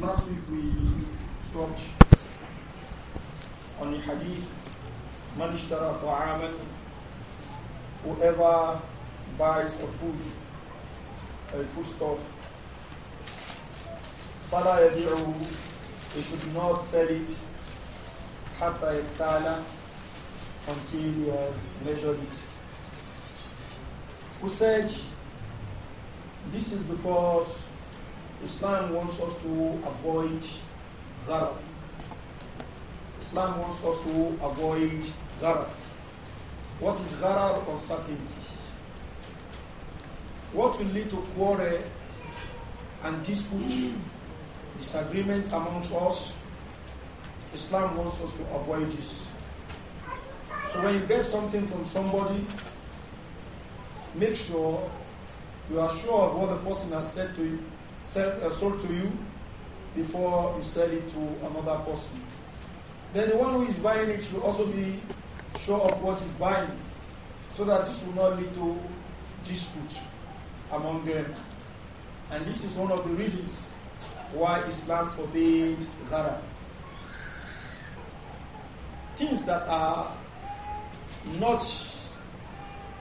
last week we stopped on the hadith Man ishtara ta'aman Whoever buys a food, a foodstuff, Fala يَبِعُهُ He should not sell it حَتَّى يَبْتَعْلَ until he has measured it. Who said this is because Islam wants us to avoid gharab. Islam wants us to avoid gharab. What is gharab? Uncertainty. What will lead to quarrel and dispute, disagreement amongst us? Islam wants us to avoid this. So when you get something from somebody, make sure you are sure of what the person has said to you sell, uh, sold to you before you sell it to another person. Then the one who is buying it should also be sure of what he's buying so that this will not lead to dispute among them. And this is one of the reasons why Islam forbade ghara. Things that are not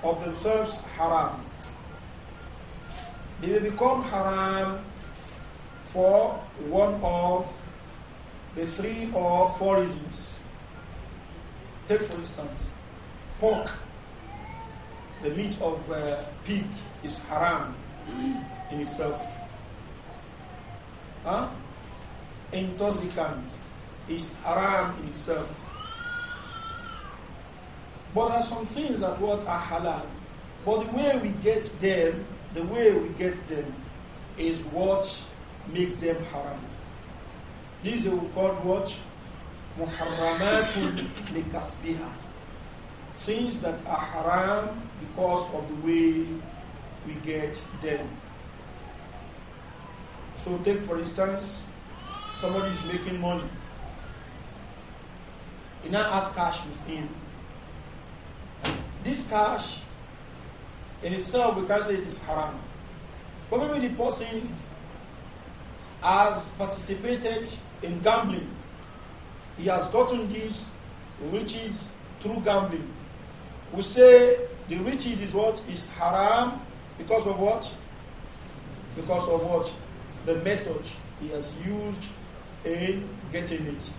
of themselves haram. They will become haram for one of the three or four reasons. Take, for instance, pork, the meat of uh, pig is haram in itself. Huh? Intoxicant is haram in itself. But there are some things that what are halal. But the way we get them, the way we get them is what makes them haram. These are called what? Muharramatun likasbiha. Things that are haram because of the way we get them. So take for instance, somebody is making money. He now has cash with him. This cash in itself we can say it is haram. But maybe the person has participated in gambling. He has gotten these riches through gambling. We say the riches is what is haram because of what? Because of what? The method he has used in getting it.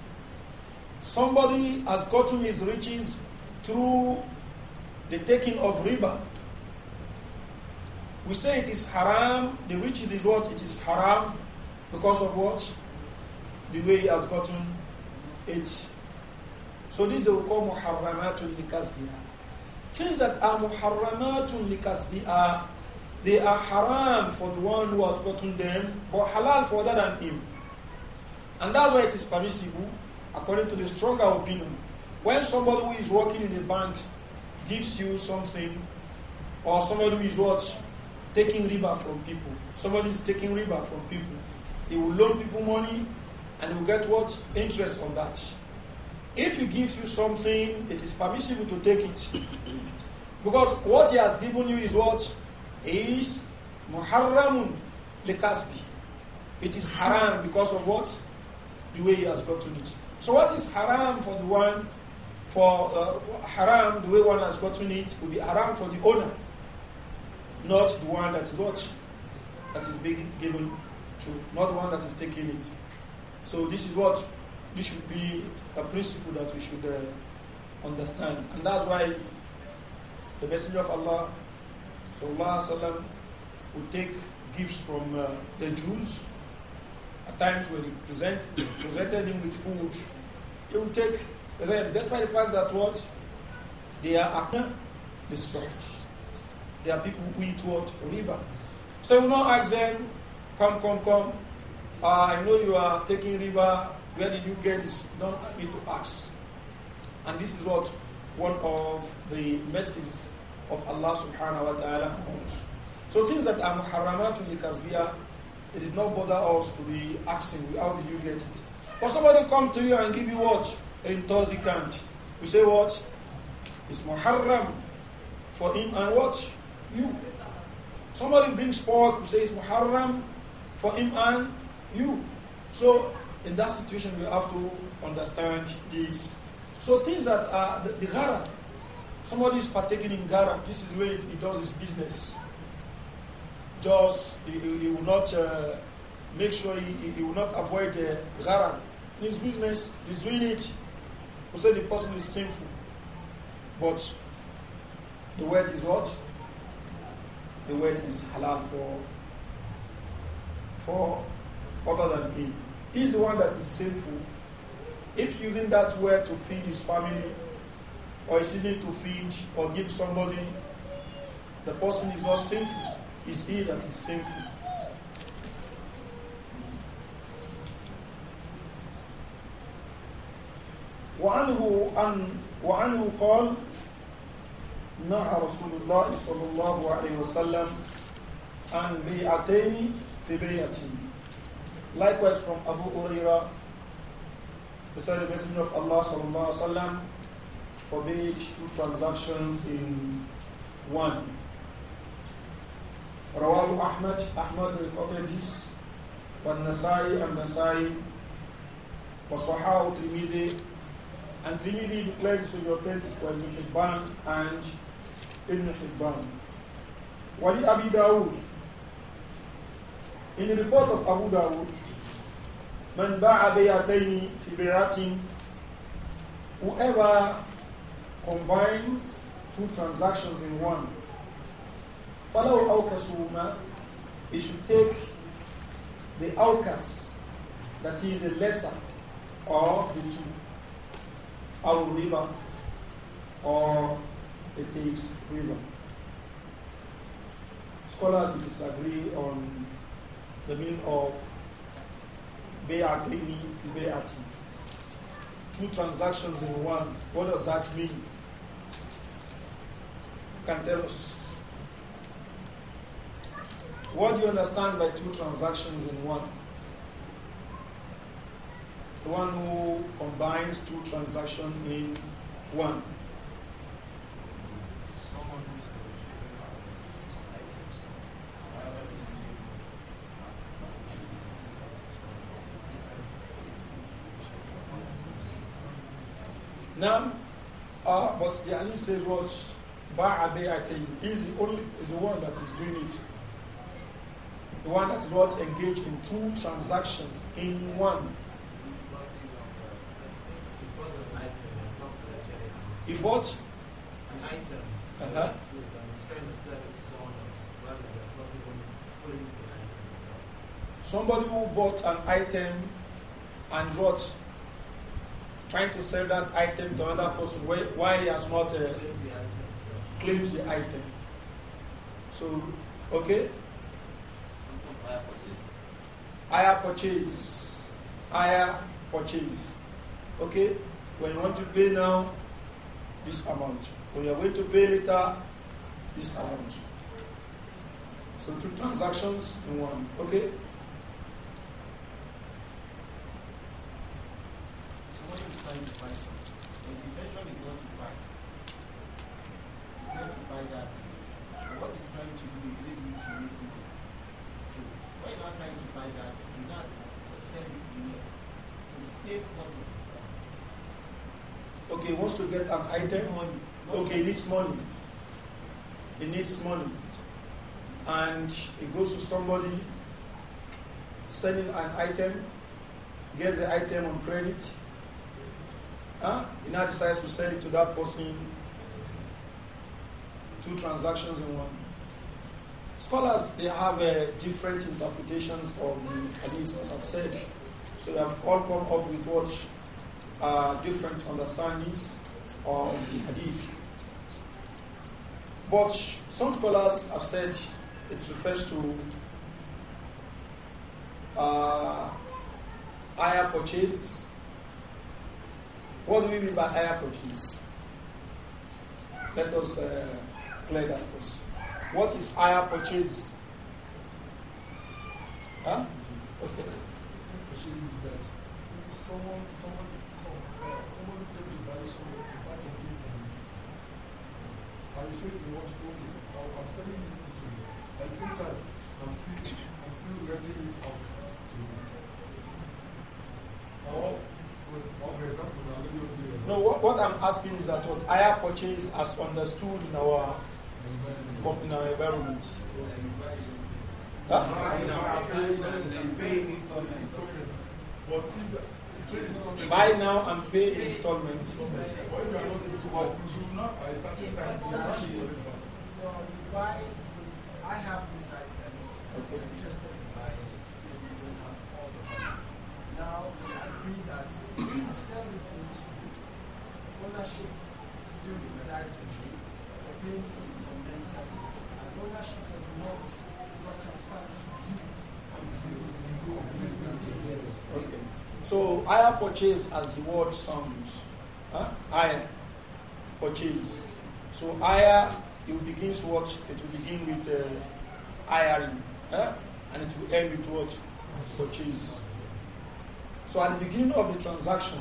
Somebody has gotten his riches through the taking of riba. We say it is haram, the riches is what? It is haram because of what? The way he has gotten it. So these are will call muharramatun Things that are muharramatun Likasbiya, they are haram for the one who has gotten them, but halal for other than him. And that's why it is permissible, according to the stronger opinion. When somebody who is working in a bank gives you something, or somebody who is what? Taking riba from people. Somebody is taking riba from people he will loan people money and he will get what? Interest on that. If he gives you something, it is permissible to take it. Because what he has given you is what? Is Muharramun Lekasbi. It is haram because of what? The way he has gotten it. So what is haram for the one, for uh, haram, the way one has gotten it, will be haram for the owner, not the one that is what? That is being given not the one that is taking it. So this is what this should be a principle that we should uh, understand, and that's why the Messenger of Allah, sallallahu alaihi wasallam, would take gifts from uh, the Jews. At times when he present, presented him with food, he would take them, despite the fact that what they are the salt. They are people who eat what riba. So he will not ask them come, come, come. Uh, I know you are taking river. Where did you get this? Don't need to ask. And this is what one of the messages of Allah subhanahu wa ta'ala owns. So things that are muharramatun likazbiya, it did not bother us to be asking, how did you get it? But somebody come to you and give you what? intoxicant. You say what? It's muharram for him and what? You. Somebody brings pork, you say it's muharram for him and you. So in that situation, we have to understand this. So things that are the, the gara, somebody is partaking in gara. This is the way he does his business. Just he, he will not uh, make sure he, he, will not avoid the uh, gara in his business. He's doing it. We say the person is sinful, but the word is what? The word is halal for for other than him. He's the one that is sinful. If using that word to feed his family, or is he it to feed or give somebody, the person is not sinful. It's he that is sinful. وعنه أن وعنه قال نهى رسول الله صلى الله عليه وسلم أَنْ بيعتين Likewise from Abu Uraira, the said Messenger of Allah sallallahu alaihi wasallam forbade two transactions in one. Rawal Ahmad, Ahmad reported this, but Nasai and Nasai, Wasahaw Trimidi, and Trimidi declared to be authentic by Ibn Hibban and Ibn Hibban. Wali Abi Dawud, in the report of Abu Dawood, man باع بيعتين whoever combines two transactions in one follow أوكسهما he should take the أوكس that is a lesser of the two our river or it takes river scholars disagree on the meaning of Bayatini Fibayati. Two transactions in one. What does that mean? You can tell us. What do you understand by two transactions in one? The one who combines two transactions in one. Now, uh, but the Ali says what Ba'abe'atayn is the only is the one that is doing it. The one that is not engaged in two transactions in one. He bought an item. Uh-huh. Somebody who bought an item and bought." trying to sell that item to another person why he has not uh, claimed the item. So, okay? Higher purchase. Higher purchase. Okay? When you want to pay now, this amount. When you are going to pay later, this amount. So two transactions in one. Okay? trying to buy something. intention is not to buy. It's not to buy that. But what it's trying to do is lead you to make money. So when you are trying to buy that, you now sell it to the next. the same person. Okay, wants to get an item. Money. Okay, he needs money. He needs money. And he goes to somebody selling an item, gets the item on credit, Huh? He now decides to sell it to that person. Two transactions in one. Scholars, they have uh, different interpretations of the hadith, as I've said. So they have all come up with what uh, different understandings of the hadith. But some scholars have said it refers to uh, higher purchase what do we mean by air purchase? Let us uh, clear that first. What is air purchase? Huh? Okay. Purchase is that someone, someone, uh, someone take buy someone buy something from you. And you say you want to I'm selling this to you. I the same I'm still, I'm still it out to you. No, what, what, I'm asking is that what higher purchase has understood in our in our environment. Huh? Buy now and pay in installments. I have this item. Okay. Interested in buying it. Maybe you don't have all the money. Now the self ownership still resides with him. The and ownership is not, is not transferred to you Okay. So I purchase as the word sounds. Huh? I purchase. So hire, it begins what? It will begin with uh, hiring. Huh? And it will end with what? Purchase. So at the beginning of the transaction,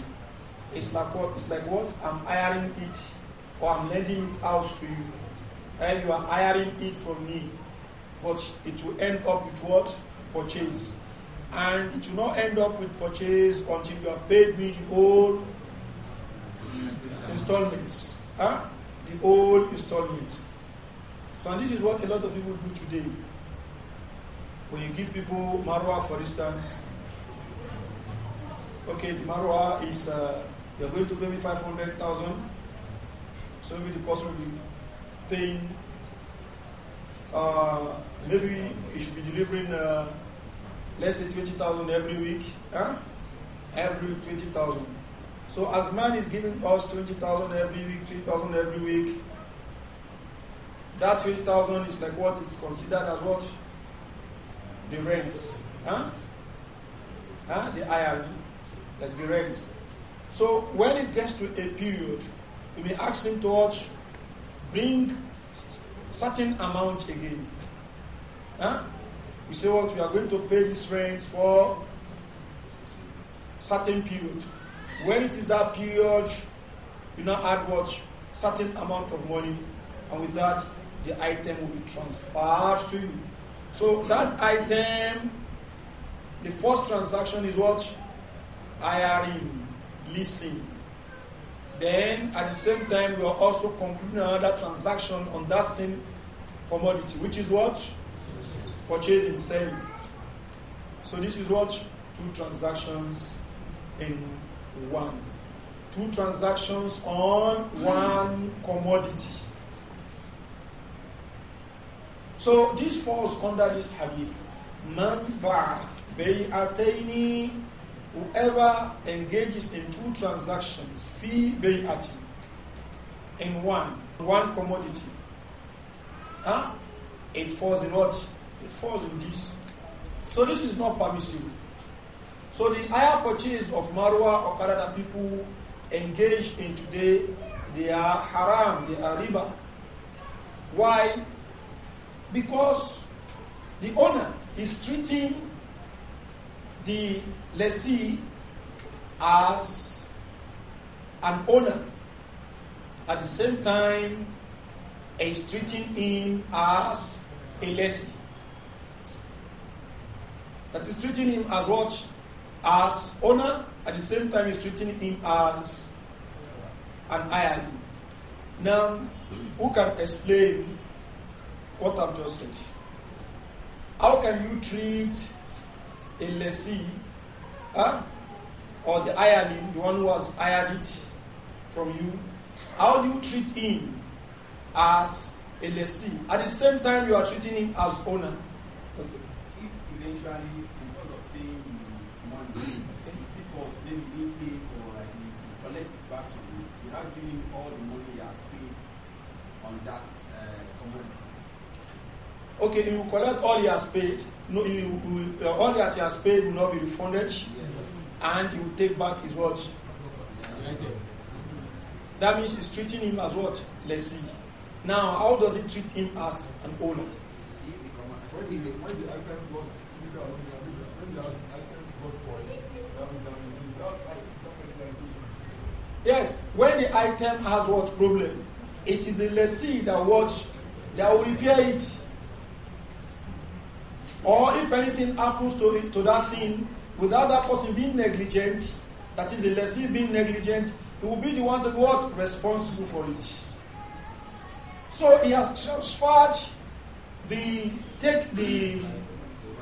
it's like what? It's like what? I'm hiring it or I'm lending it out to you. And eh, you are hiring it from me. But it will end up with what? Purchase. And it will not end up with purchase until you have paid me the whole installments. Huh? The old installments. So and this is what a lot of people do today. When you give people marwa, for instance, okay, the marwa is, uh, you're going to pay me 500,000. So maybe the person will be paying, uh, maybe he should be delivering, uh, let's say 20,000 every week. Huh? Every 20,000. So as man is giving us 20,000 every week, 3,000 every week, that 20,000 is like what is considered as what? The rents. Huh? Huh? The IRB like the So when it gets to a period, you may be asking to watch, bring certain amount again. Huh? We say what we are going to pay this rent for certain period. When it is that period, you now add what certain amount of money, and with that the item will be transferred to you. So that item, the first transaction is what hiring, leasing. Then at the same time, we are also concluding another transaction on that same commodity, which is what? Purchasing, selling. So this is what? Two transactions in one. Two transactions on one commodity. So this falls under this hadith. Man ba bay'ataini whoever engages in two transactions, fee bayati, in one, one commodity, huh? it falls in what? It falls in this. So this is not permissible. So the higher purchase of Marwa or Karada people engage in today, they are haram, they are riba. Why? Because the owner is treating the lessee as an owner. At the same time, is treating him as a lessee. That is treating him as what? As owner. At the same time, is treating him as an iron. Now, who can explain what I've just said? How can you treat a lessee huh? or the hireling, the one who has hired it from you, how do you treat him as a lessee? At the same time, you are treating him as owner. Okay. If eventually, because of paying the money, defaults, maybe being pay for, like, you collect it back to you without giving all the money he has paid on that uh, commodity. Okay, he will collect all he has paid no, he, uh, all that he has paid will not be refunded, yes. and he will take back his what? That means he's treating him as what? Lessee. Now, how does he treat him as an owner? Yes, when the item has what problem, it is a lessee that watch that will repair it. Or if anything happens to, it, to that thing, without that person being negligent, that is the lessee being negligent, he will be the one to be what? Responsible for it. So he has transferred the take the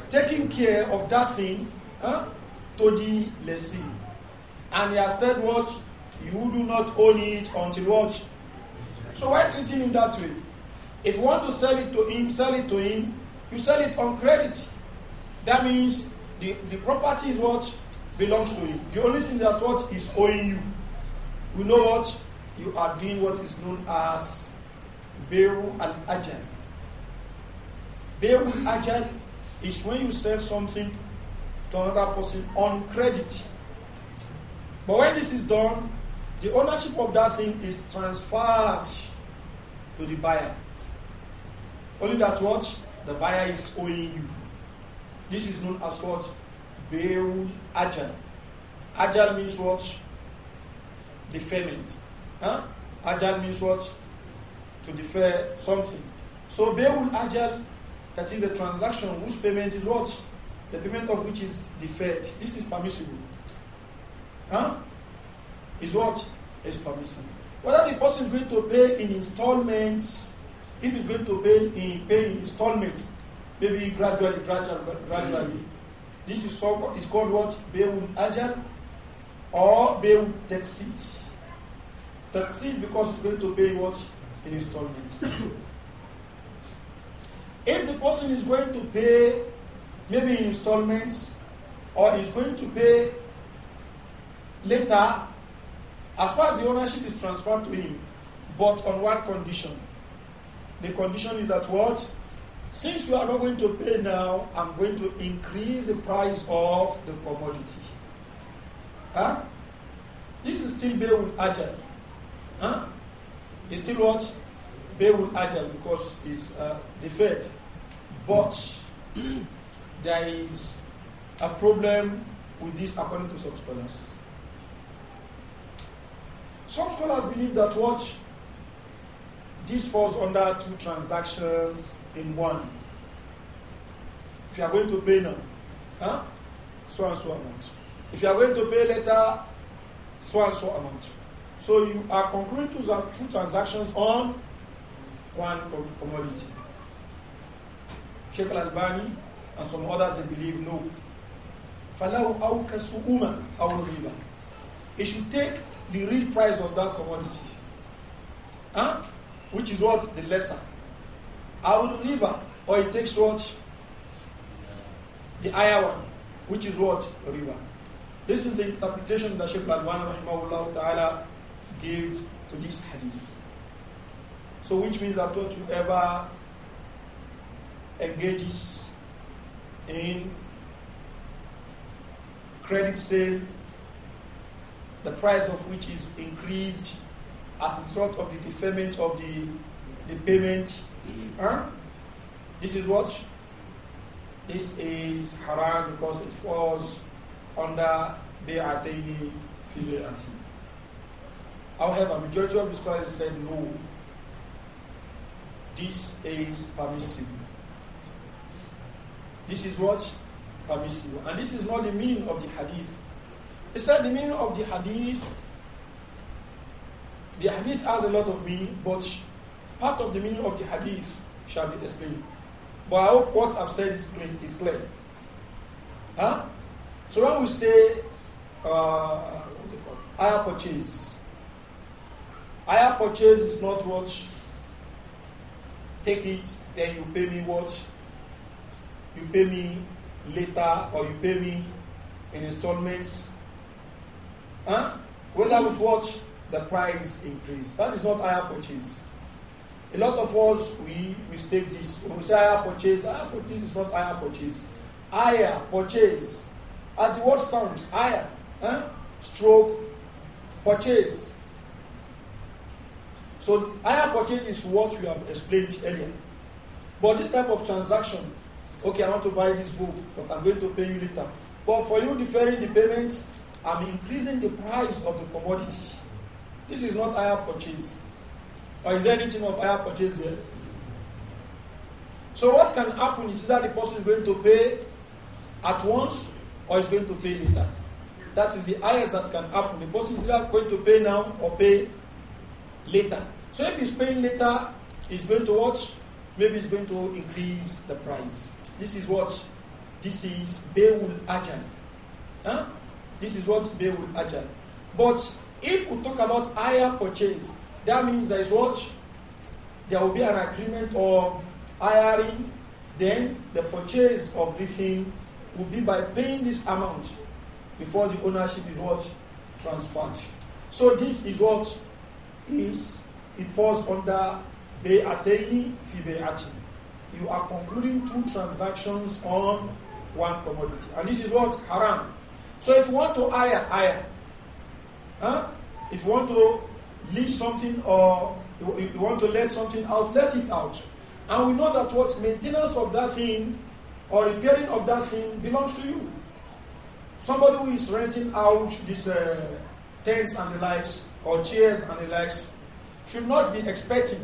taking care of that thing huh, to the lessee. And he has said what? You do not own it until what? So why treating him that way? If you want to sell it to him, sell it to him you sell it on credit. That means the, the property is what belongs to you. The only thing that's what is owing you. You know what? You are doing what is known as bail and Ajal. and Ajal is when you sell something to another person on credit. But when this is done, the ownership of that thing is transferred to the buyer. Only that what? the buyer is owing you. This is known as what? Beirul Ajal. Ajal means what? Deferment. Huh? Ajal means what? To defer something. So Beirul Ajal, that is a transaction whose payment is what? The payment of which is deferred. This is permissible. Huh? Is what? Is permissible. Whether the person is going to pay in installments if he's going to pay in, installments, maybe gradually, gradually, gradually. This is, so, called what? Beul Ajal or Beul Taxit. Taxit because he's going to pay what? In installments. if the person is going to pay maybe in installments or is going to pay later, as far as the ownership is transferred to him, but on what condition the condition is that what? Since you are not going to pay now, I'm going to increase the price of the commodity. Huh? This is still Beul Ajal. Huh? It's still what? Beul Ajal because it's uh, deferred. But there is a problem with this according to some scholars. Some scholars believe that what this falls under two transactions in one. If you are going to pay now, huh? so and so amount. If you are going to pay later, so and so amount. So you are concluding two transactions on one commodity. Sheikh Al-Albani and some others they believe no. فَلَوْ أَوْكَسُ أُمَا أَوْ رِبَا It should take the real price of that commodity. Huh? which is what? The lesser. Our river, or it takes what? The higher one, which is what? river. This is the interpretation that Sheikh Al-Wan ta'ala gave to this hadith. So which means that what ever engages in credit sale, the price of which is increased as result of the deferment of the, the payment. Mm-hmm. Huh? This is what? This is haram because it falls under the Be'ataini Fili'atin. However, majority of the scholars said no. This is permissible. This is what? Permissible. And this is not the meaning of the hadith. It said the meaning of the hadith the hadith has a lot of meaning, but part of the meaning of the hadith shall be explained. But I hope what I've said is clear. Is clear. Huh? So when we say uh, higher purchase, higher purchase is not what take it, then you pay me what? You pay me later or you pay me in installments. Huh? Whether with what? the price increase. That is not higher purchase. A lot of us, we mistake this. When we say higher purchase, higher purchase is not higher purchase. Higher purchase, as the word sounds, higher, eh? stroke, purchase. So higher purchase is what we have explained earlier. But this type of transaction, okay, I want to buy this book, but I'm going to pay you later. But for you deferring the payments, I'm increasing the price of the commodity. This is not higher purchase. Or is there anything of higher purchase here? So what can happen is that the person is going to pay at once or is going to pay later. That is the highest that can happen. The person is either going to pay now or pay later. So if he's paying later, he's going to watch, maybe he's going to increase the price. This is what this is Beul Ajal. Huh? This is what Beul Ajal. But if we talk about higher purchase, that means there is what? There will be an agreement of hiring, then the purchase of the thing will be by paying this amount before the ownership is what? Transferred. So this is what is, it falls under Be'ataini fi Be'atin. You are concluding two transactions on one commodity. And this is what? Haram. So if you want to hire, hire. Huh? If you want to leave something or you, want to let something out, let it out. And we know that what maintenance of that thing or repairing of that thing belongs to you. Somebody who is renting out these uh, tents and the likes, or chairs and the likes, should not be expecting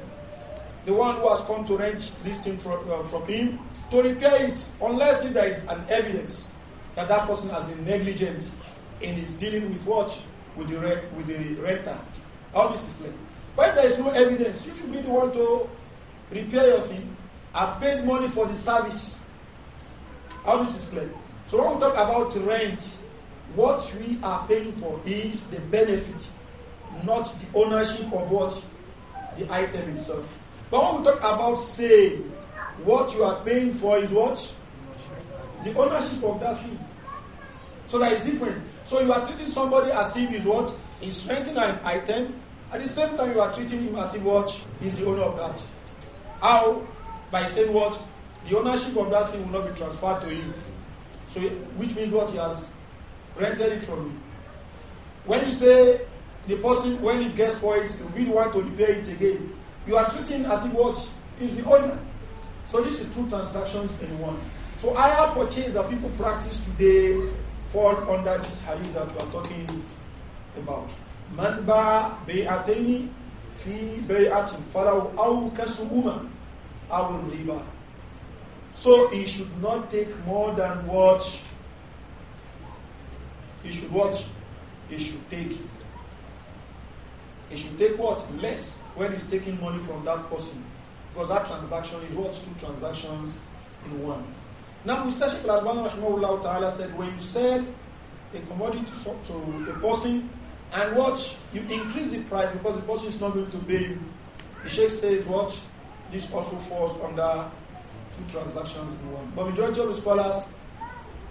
the one who has come to rent this thing from, uh, from him to repair it, unless there is an evidence that that person has been negligent in his dealing with what? with the with the red All this is clear. But there is no evidence. You should be the one to repair your thing. I've paid money for the service. All this is clear. So when we talk about rent, what we are paying for is the benefit, not the ownership of what the item itself. But when we talk about sale, what you are paying for is what the ownership of that thing. So that is different. So you are treating somebody as if he's what? He's renting an item. At the same time, you are treating him as if what? He's the owner of that. How? By saying what? The ownership of that thing will not be transferred to him. So, which means what? He has rented it from you. When you say the person, when he gets spoiled, we will be the one to repair it again. You are treating as if what? He's the owner. So this is two transactions in one. So higher purchase that people practice today fall under this hadith that we are talking about. Man ba bayatini fi bay'atin falahu aw kasuhuma aw riba. So he should not take more than what he should what he should take. He should take what less when he's taking money from that person because that transaction is what two transactions in one. Now, Mr. Sheikh Al-Albani ta'ala said, when you sell a commodity to a person and what, you increase the price because the person is not going to pay you. The Sheikh says what? This also falls under two transactions in one. But majority of the scholars,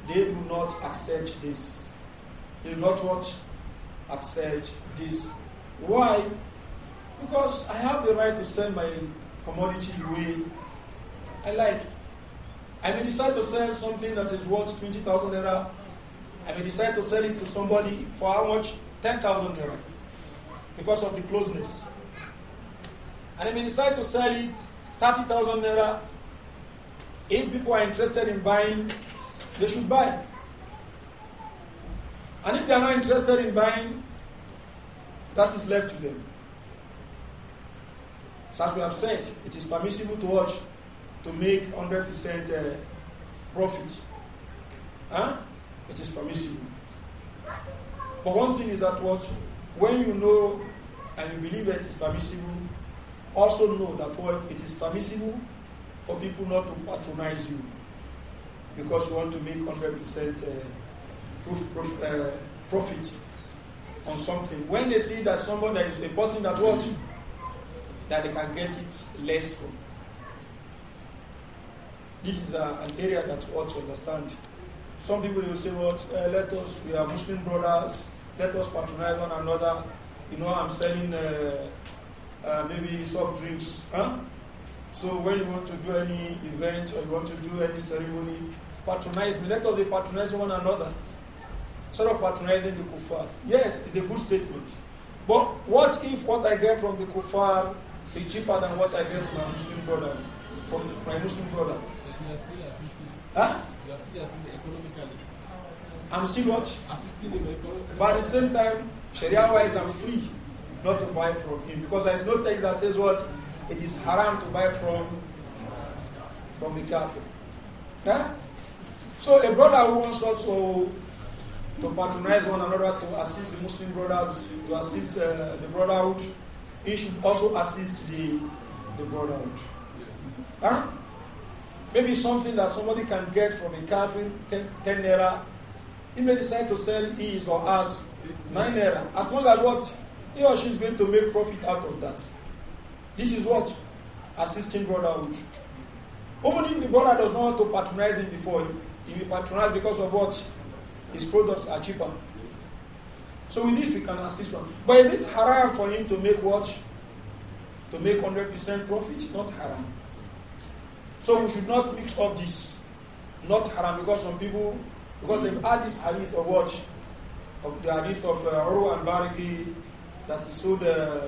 they do not accept this. They do not what? Accept this. Why? Because I have the right to sell my commodity the way I like. I may decide to sell something that is worth 20,000 naira. I may decide to sell it to somebody for how much? 10,000 naira because of the closeness. And I may decide to sell it 30,000 naira. If people are interested in buying, they should buy. And if they are not interested in buying, that is left to them. So as we have said, it is permissible to watch to make 100% uh, profit. Huh? It is permissible. But one thing is that what, when you know and you believe that it is permissible, also know that what it is permissible for people not to patronize you because you want to make 100% uh, uh, profit on something. When they see that someone that is a person that what that they can get it less from, this is a, uh, an area that you ought to understand. Some people will say, well, uh, let us, we are Muslim brothers, let us patronize one another. You know, I'm selling uh, uh, maybe soft drinks. Huh? So when you want to do any event or you want to do any ceremony, patronize me. Let us be patronizing one another. Sort of patronizing the kuffar. Yes, it's a good statement. But what if what I get from the kuffar is cheaper than what I get from my Muslim brother, from my Muslim brother? Huh? You are still assisting economically. I'm still what? Assisting economically. But at the same time, Sharia wise, I'm free not to buy from him because there is no text that says what it is haram to buy from from the kafir. Huh? So a brother who wants also to patronize one another, to assist the Muslim brothers, to assist uh, the brotherhood, he should also assist the the brotherhood. Huh? Maybe something that somebody can get from a cousin, 10, naira. He may decide to sell his or us 9 naira. As long as what he or she is going to make profit out of that. This is what assisting brotherhood. Even if the brother does not want to patronize him before, he will patronize because of what? His products are cheaper. So with this, we can assist one. But is it haram for him to make what? To make 100% profit? Not haram. So we should not mix up this, not haram, because some people, because they've had this hadith of what? Of the hadith of uh, and Bariki that he sold, uh,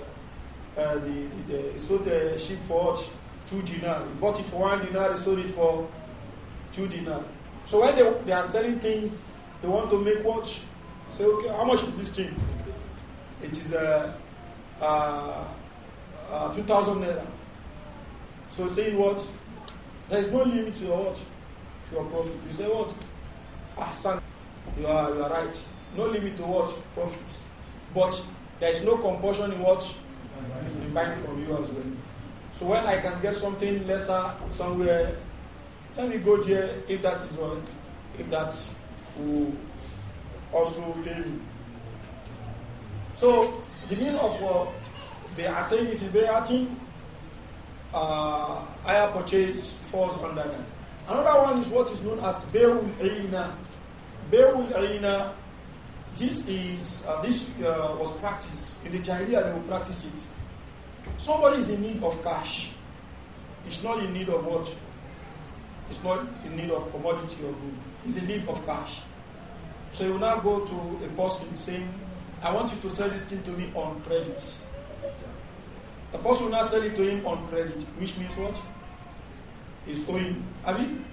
uh, the, the, the, he sold the sheep for what? Two dinar. He bought it for one dinar, he sold it for two dinar. So when they, they are selling things, they want to make what? Say, so, okay, how much is this thing? It is a. Uh, uh, uh, 2000 naira. So saying what? There is no limit to your what? To your profit. You say what? Ah, son, you are, you are right. No limit to what? Profit. But there is no compulsion in what? In buying from you as well. So when I can get something lesser somewhere, let me go there if that is what, if that will also pay me. So the meaning of the attain if you be uh, higher purchase falls under that. Another one is what is known as Be'ul Aina. Be'ul Aina, this, is, uh, this uh, was practiced. In the Jahiliyyah, they will practice it. Somebody is in need of cash. It's not in need of what? It's not in need of commodity or good. It's in need of cash. So you will now go to a person saying, I want you to sell this thing to me on credit. The person will not sell it to him on credit, which means what? He's owing. I mean,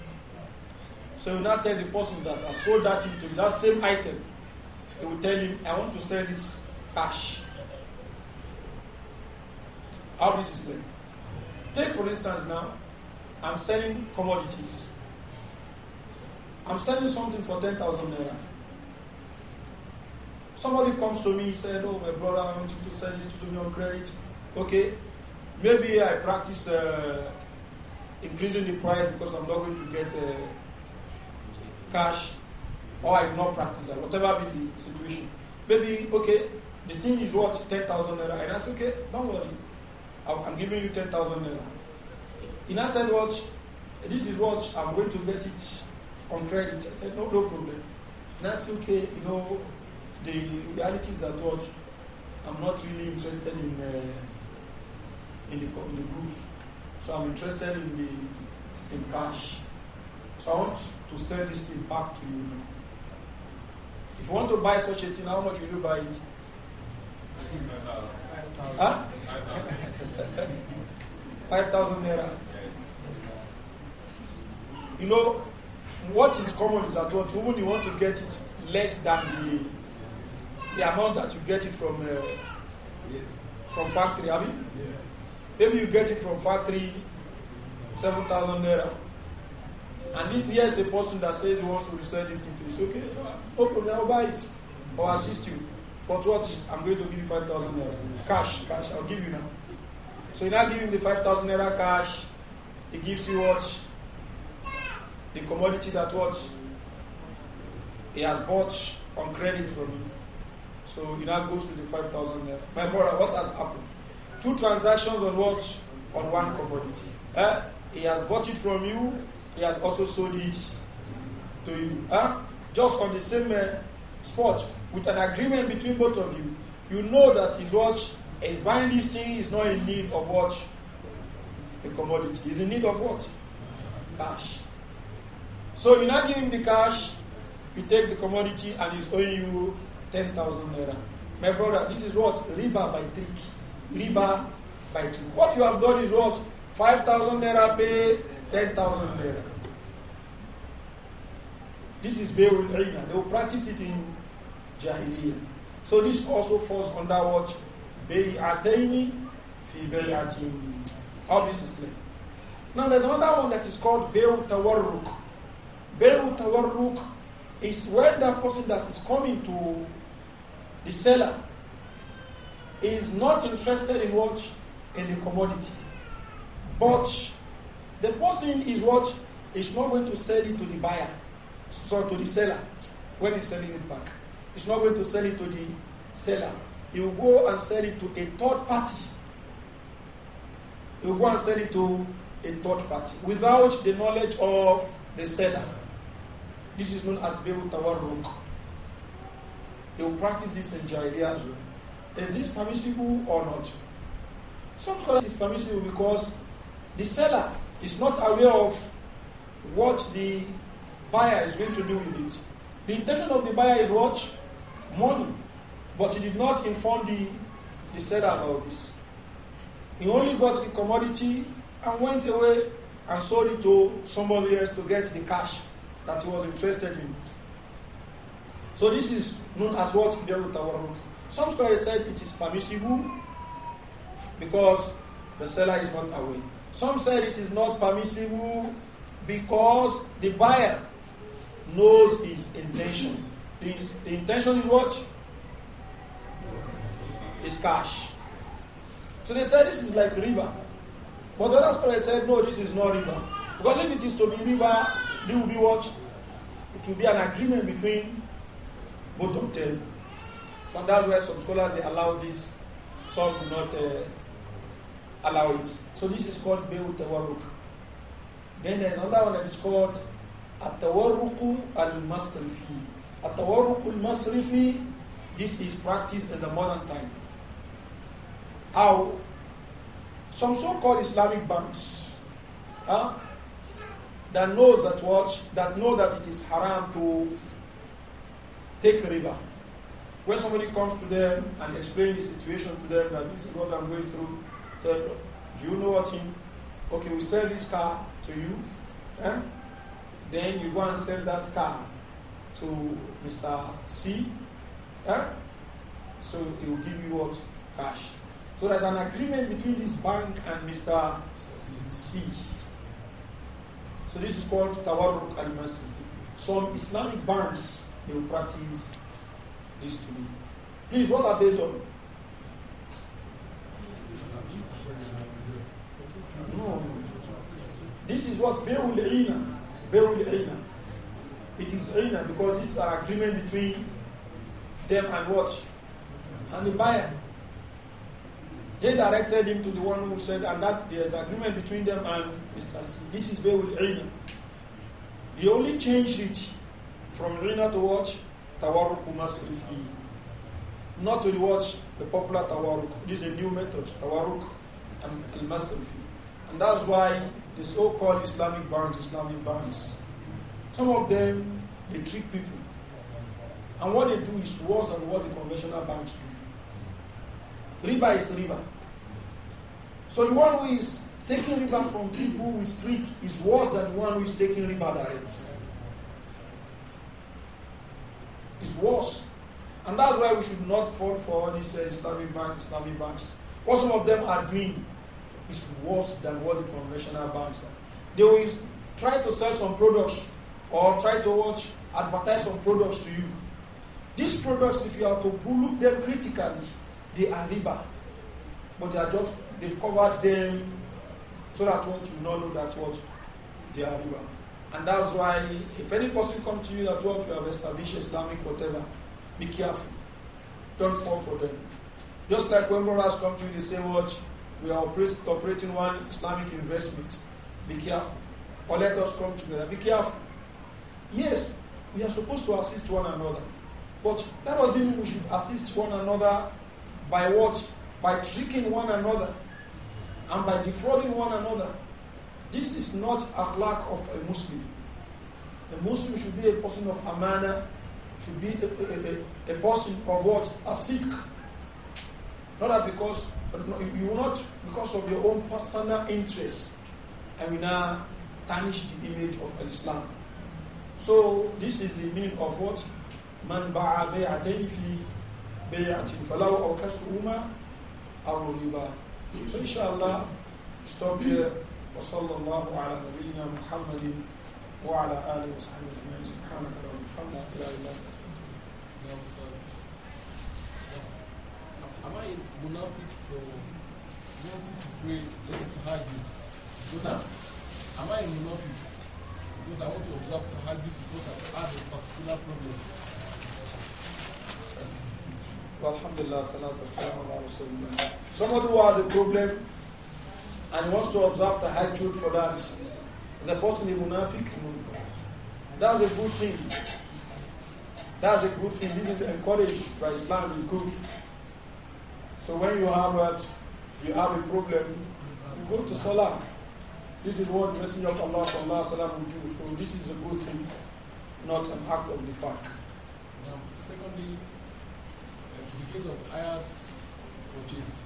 so you now tell the person that I sold that thing to you, that same item. He will tell him, I want to sell this cash. How this is played. Take for instance now, I'm selling commodities. I'm selling something for 10,000 naira. Somebody comes to me and said, Oh, my brother, I want you to sell this to me on credit okay, maybe I practice uh, increasing the price because I'm not going to get uh, cash, or I do not practice that, whatever be the situation. Maybe, okay, the thing is worth 10,000 naira, and I said, okay, don't worry, I'm giving you 10,000 naira. And I said, what? This is what I'm going to get it on credit. I said, no, no problem. And I said, okay, you know, the reality is that what? I'm not really interested in. Uh, in the, in the booth. So I'm interested in the in cash. So I want to sell this thing back to you. If you want to buy such a thing, how much will you buy it? 5,000 naira. Yes. You know, what is common is that what even you want to get it less than the the amount that you get it from uh, yes. from factory. I mean, yes. Maybe you get it from factory, 7,000 naira. And if here is a person that says he wants to resell this thing to you, okay, no problem, I'll buy it or assist you. But what? I'm going to give you 5,000 naira. Cash, cash, I'll give you now. So you now give him the 5,000 naira cash. He gives you what? The commodity that what? He has bought on credit from you. So he now goes to the 5,000 naira. My brother, what has happened? two transactions on what? On one commodity. Eh? He has bought it from you, he has also sold it to you. Eh? Just on the same uh, spot, with an agreement between both of you, you know that his what? He's buying this thing, he's not in need of what? A commodity. He's in need of what? Cash. So you now give him the cash, you take the commodity, and he's owing you 10,000 naira. My brother, this is what? Riba by trick riba by two. What you have done is what? 5,000 naira pay 10,000 naira. This is Beirul Ina. They will practice it in Jahiliyyah. So this also falls under what? Bay'ataini fi bay'atin. All this is clear. Now there's another one that is called Beirut Tawarruk. Tawarruk is when that person that is coming to the seller is not interested in what? In the commodity. But the person is what? Is not going to sell it to the buyer, so to the seller when he's selling it back. He's not going to sell it to the seller. He will go and sell it to a third party. He will go and sell it to a third party without the knowledge of the seller. This is known as Be'u They will practice this in Jahiliyyah as well is this permissible or not? Some scholars it's permissible because the seller is not aware of what the buyer is going to do with it. The intention of the buyer is what? Money. But he did not inform the, the seller about this. He only got the commodity and went away and sold it to somebody else to get the cash that he was interested in. So this is known as what? Beirut Tawarruk. Some scholars said it is permissible because the seller is not aware. Some said it is not permissible because the buyer knows his intention. His, the intention is what? Is cash. So they said this is like riba. But the other scholar said, no, this is not riba. Because if it is to be riba, it will be what? It will be an agreement between both of them. So that's why some scholars they allow this, some do not uh, allow it. So this is called Be'ut Tawarruk. Then there's another one that is called At-Tawarruku Al-Masrifi. at Al-Masrifi, this is practiced in the modern time. How some so-called Islamic banks huh, that knows that watch that know that it is haram to take riba when somebody comes to them and explain the situation to them that this is what I'm going through, said, do you know what thing? Okay, we sell this car to you. Eh? Then you go and sell that car to Mr. C. Eh? So he will give you what? Cash. So there's an agreement between this bank and Mr. C. So this is called Tawarruk al-Masrif. Some Islamic banks, they will practice this to me. Please, what have they done? No. This is what Beul Ina. Beul Ina. It is Ina because this is an agreement between them and what? And the buyer. They directed him to the one who said, and that there's agreement between them and Mr. C. This is Beul Ina. He only changed it from Ina to what? tawarruk masrifi. Not to rewatch the popular Tawaruk. This is a new method, Tawaruk and masrifi. And that's why the so-called Islamic banks, Islamic banks, some of them, they trick people. And what they do is worse than what the conventional banks do. Riba is riba. So the one who is taking riba from people with trick is worse than the one who is taking riba directly. It's worse. And that's why we should not fall for all these uh, Islamic banks, Islamic banks. What some of them are doing is worse than what the conventional banks are. They will try to sell some products or try to watch, advertise some products to you. These products, if you are to look them critically, they are riba. But they are just, they've covered them so that what you not know that what they are riba. And that's why if any person comes to you that what you have established Islamic whatever, be careful. Don't fall for them. Just like when brothers come to you, they say, Watch, We are operating one Islamic investment. Be careful. Or let us come together. Be careful. Yes, we are supposed to assist one another. But that doesn't mean we should assist one another by what? By tricking one another and by defrauding one another. This is not akhlaq of a Muslim. A Muslim should be a person of amana, should be a, a, a, a person of what? A sidq. Not that because you will not, because of your own personal interests, and we now tarnish the image of Islam. So this is the meaning of what? Man ba'a bay'atayn fi bay'atin falahu aw kas'uma aw riba. So inshallah, stop here. وصلى الله على نبينا محمد وعلى آله وصحبه أجمعين سبحانك اللهم وبحمدك لا إله إلا أنت Am I munafik for wanting to pray late tahajjud? Because I'm, am I munafik? Because I want to observe Hajj because I have a particular problem. Well, alhamdulillah, salatu wassalamu ala Rasulullah. Somebody who has a problem and wants to observe the tahajjud for As a person in munafiq? That's a good thing. That's a good thing. This is encouraged by Islam. It's good. So when you have that, you have a problem, you go to Salah. This is what the Messenger of Allah sallallahu alaihi would do. So this is a good thing, not an act of fact. Now, secondly, uh, in the case of which is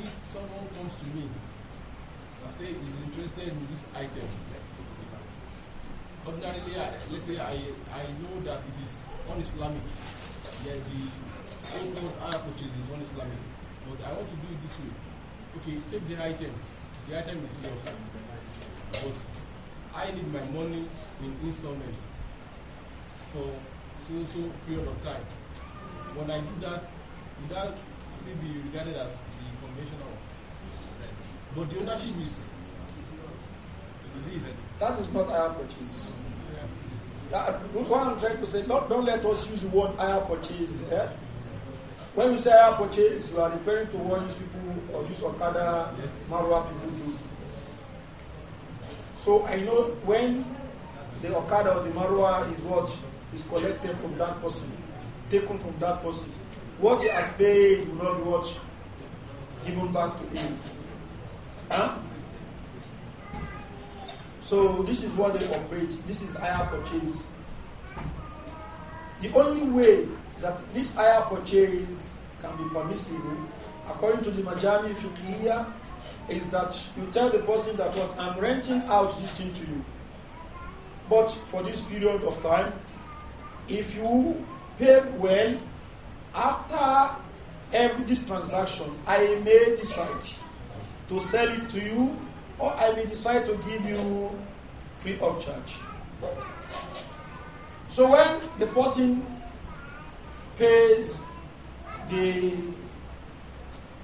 if someone comes to me and say he's interested in this item, ordinarily, I, let's say I, I know that it is un-Islamic. Yeah, the so-called Arab purchase is un-Islamic. But I want to do it this way. Okay, take the item. The item is yours. But I need my money in installments for so so period of time. When I do that, would that still be regarded as combination But the ownership is is That is not higher purchase. That, what I'm trying to say, not, don't let us use the word higher purchase. Eh? When we say higher purchase, we are referring to what these people or these Okada, Marwa people do. So I know when the Okada or the Marwa is what is collected from that person, taken from that person, what he has paid will not be what given back to him. Huh? So this is what they operate. This is higher purchase. The only way that this higher purchase can be permissible, according to the Majami Fiqhiyya, is that you tell the person that what I'm renting out this thing to you. But for this period of time, if you pay well, after every this transaction, I may decide to sell it to you, or I may decide to give you free of charge. So when the person pays the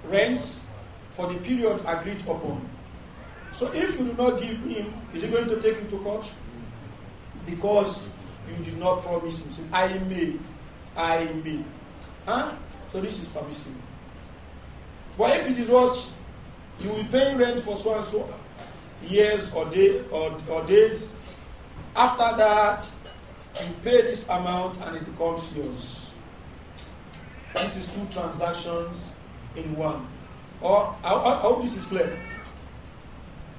rents for the period agreed upon, so if you do not give him, is he going to take you to court? Because you did not promise him. I may, I may. Huh? So this is permissible. But if it is what you will pay rent for so and so years or day or, or days, after that you pay this amount and it becomes yours. This is two transactions in one. Or I, I, I hope this is clear.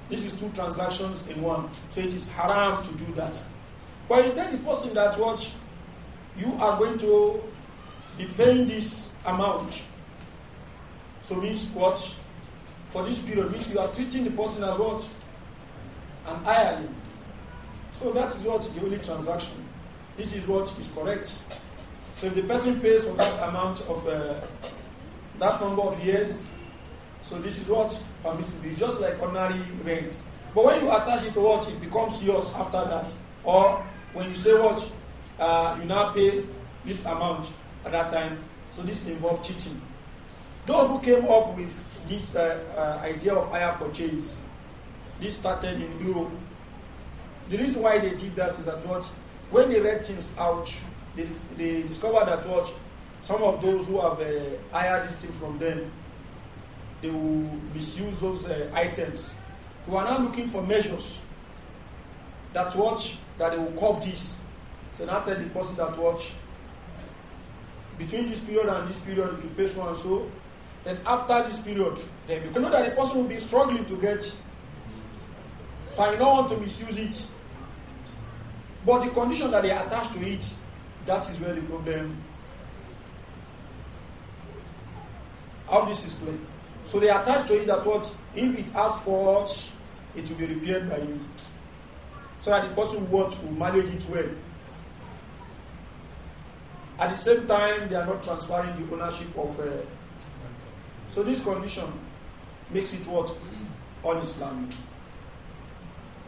This is two transactions in one. So it is haram to do that. But you tell the person that what you are going to he paying this amount. So means what? For this period means you are treating the person as what? An hireling. So that is what the only transaction. This is what is correct. So if the person pays for that amount of uh, that number of years, so this is what permissible. It's just like ordinary rent. But when you attach it to what, it becomes yours after that. Or when you say what, uh, you now pay this amount at that time. So this involved cheating. Those who came up with this uh, uh, idea of hire purchase, this started in Europe. The reason why they did that is that what, when they read things out, they, they discovered that what, some of those who have uh, hired this thing from them, they will misuse those uh, items. We are now looking for measures that watch that they will curb this. So now tell the person that watch between this period and this period, if you pay so and so, then after this period, then you know that the person will be struggling to get. So I don't want to misuse it. But the condition that they attach to it, that is where the problem. How this is clear. So they attach to it that what if it asks for, it will be repaired by you. So that the person what will manage it well. At the same time, they are not transferring the ownership of. Uh, so this condition makes it what un-Islamic.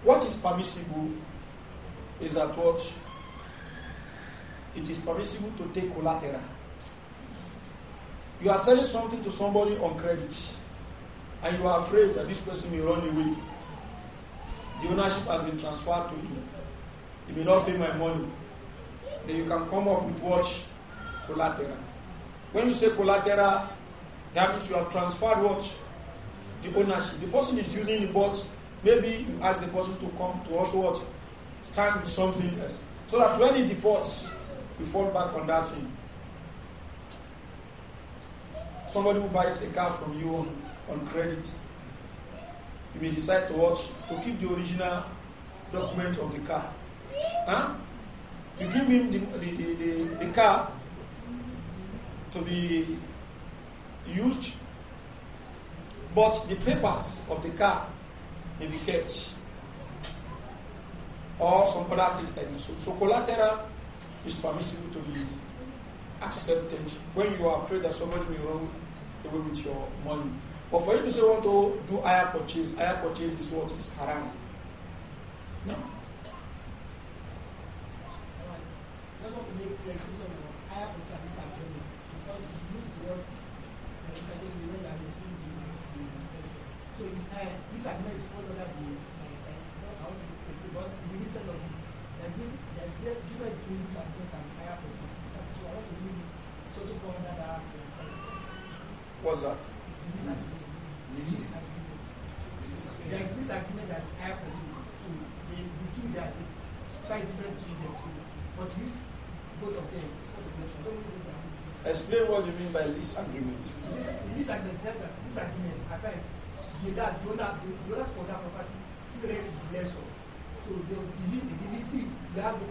What is permissible is that what it is permissible to take collateral. You are selling something to somebody on credit, and you are afraid that this person may run away. The ownership has been transferred to you. He may not pay my money then you can come up with what? Collateral. When you say collateral, that means you have transferred what? The ownership. The person is using the boat. Maybe you ask the person to come to also what? Stand with something else. So that when he defaults, you fall back on that thing. Somebody who buys a car from you on, on credit, you may decide to watch to keep the original document of the car. Huh? You give him the, the, the, the, the car to be used, but the papers of the car may be kept or some other things like this. So, so collateral is permissible to be accepted when you are afraid that somebody will run away with your money. But for you to say want to do higher purchase, higher purchase is what is haram. No. doesn't make the increase of higher percentage entertainment because you look toward the entertainment when you the So it's, uh, this argument is further that the, because the reason of it, there's been, there's been given between this argument and higher process. So I want to read it so to that uh, What's that? This argument. This argument. There's this that's higher purchase. So the, the two, there's quite different between the two. But you Explain what you mean by lease agreement. Lease agreement, lease agreement at times, the owner, the owner, the owner for that property still rents the lesser. So they will delete the leasing, they have the,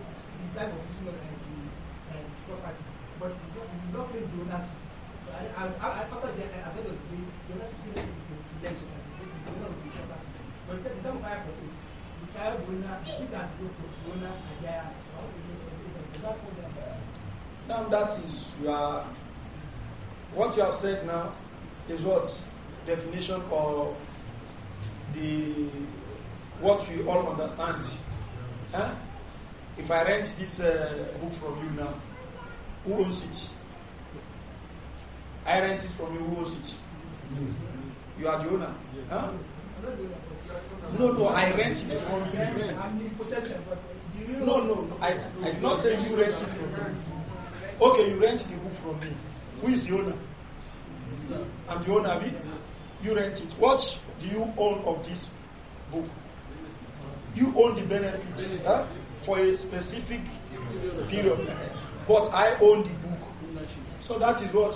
type of using uh, the uh, property, but it's not, it not claim the owner's. So I, I, I after the uh, end of the day, the owner's using the, the, the lesser as the owner of the property. But in terms of fire purchase, the child owner, treat as the owner, and they are, so I want to make a reason. Is that what they now that is you are what you have said now is what definition of the what we all understand. Huh? If I rent this uh, book from you now, who owns it? I rent it from you. Who owns it? You are the owner. Huh? No, no, I rent it from you. I'm in possession, but no, no, I, I did not say you rent it from me. Okay, you rent the book from me. Who is the owner? I'm the owner, B. You rent it. What do you own of this book? You own the benefits huh? for a specific period. But I own the book. So that is what,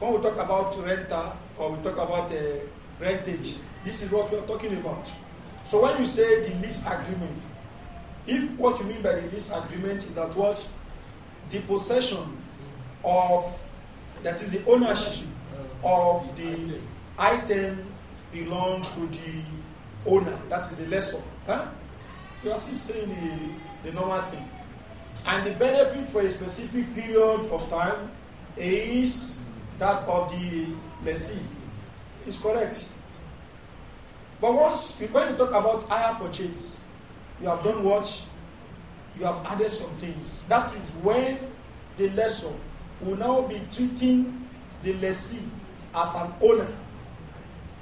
when we talk about renter or we talk about uh, rentage, this is what we are talking about. So when you say the lease agreement, if what you mean by the lease agreement is that what the possession of, that is the ownership of the item belongs to the owner. That is a lesson. Huh? You are still saying the, the normal thing. And the benefit for a specific period of time is that of the lessee. Is correct. But once, when you talk about higher purchase, you have done what? you have added some things. That is when the lesson will now be treating the lessee as an owner.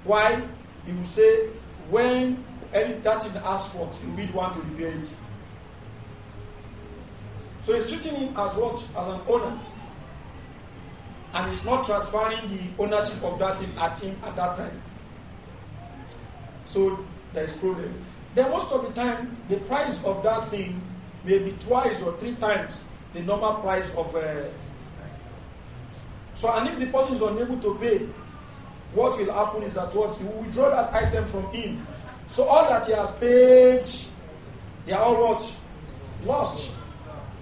Why? He will say, when any that in the asphalt, you will be one to repair it. So he's treating him as what? As an owner. And he's not transferring the ownership of that thing at him at that time. So there is problem. Then most of the time, the price of that thing maybe twice or three times the normal price of. Uh, so, and if the person is unable to pay, what will happen is that what you withdraw that item from him. So all that he has paid, they are all what lost.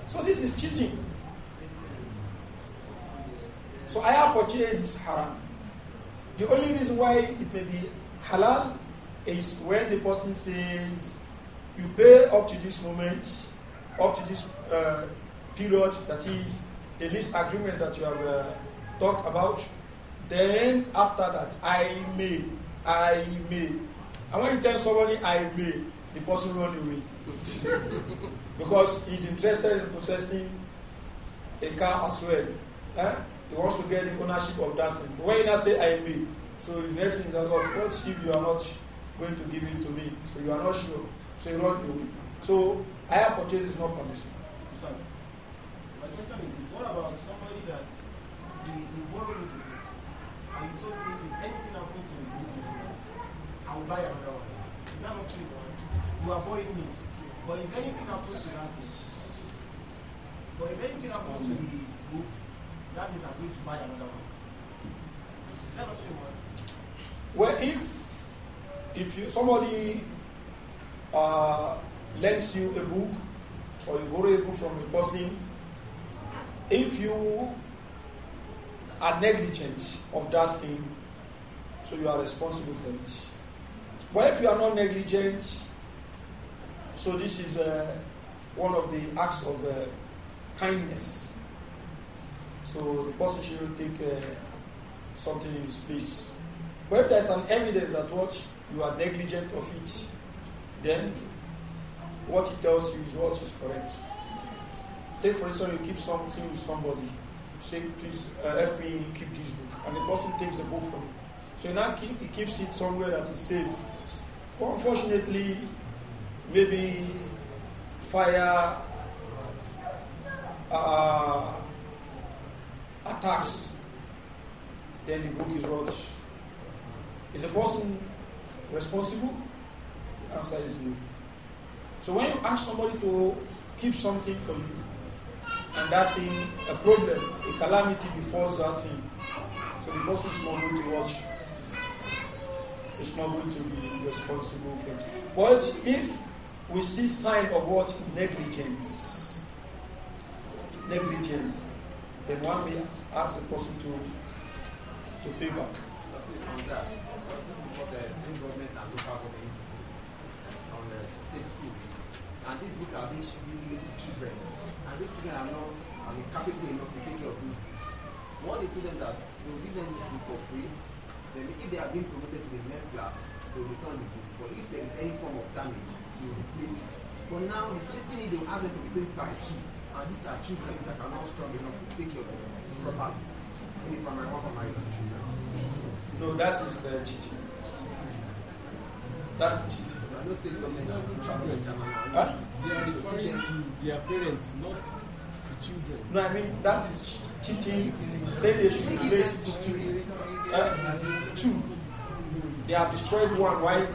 So this is cheating. So ayah purchase is haram. The only reason why it may be halal is when the person says, "You pay up to this moment." up to this uh, period, that is the lease agreement that you have uh, talked about, then after that, I may, I may. And when you tell somebody I may, the person run away. because he's interested in possessing a car as well. Eh? He wants to get the ownership of that thing. But when I say I may, so the next thing is that what, what if you are not going to give it to me? So you are not sure. So you run away. So higher purchase is not permissible. My question is this. What about somebody that the the borrowed me to and you told me if anything happens to me, I will buy another one. Is that not true? You are borrowing me. But if anything happens to that book, but if anything happens to the book, that means I'm going to buy another one. Is that not true? Well, if if you, somebody uh, lends you a book or you borrow a book from a person, if you are negligent of that thing, so you are responsible for it. But if you are not negligent, so this is uh, one of the acts of uh, kindness. So the person should take uh, something in his place. But if there's some evidence that what you are negligent of it, then what he tells you is what is correct. Take for instance, you keep something with somebody. Say, please uh, help me keep this book. And the person takes the book from you. So now keep, he keeps it somewhere that is safe. But unfortunately, maybe fire uh, attacks, then the book is lost. Is the person responsible? The answer is no. So when you ask somebody to keep something for you, and that thing, a problem, a calamity befalls that thing, so the person is not going to watch. It's not going to be responsible for it. But if we see sign of what? Negligence. Negligence. Then one may ask, ask the person to to pay back. So please on that. This is what the state government and local government and this book are being given to children. And these children are not I mean, capable enough to take care of these books. What they told them that they will give them this book for free, then if they are being promoted to the next class, they will return the book. But if there is any form of damage, they will replace it. But now replacing it, they will ask them to replace by two. And these are children that are not strong enough to take care of them properly. Maybe primary one, primary two children. No, that is uh, cheating. That's cheating no state government are good challenges. They are referring to their parents, not the children. No, I mean that is cheating. Say they should replace two. Uh, two. They have destroyed one. Why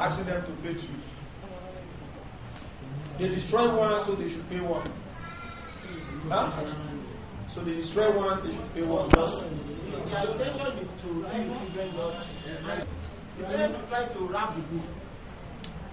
asking them to pay two? They destroy one, so they should pay one. Huh? So they destroy one, they should pay one. Their intention is to let the children not. They try to rob the book.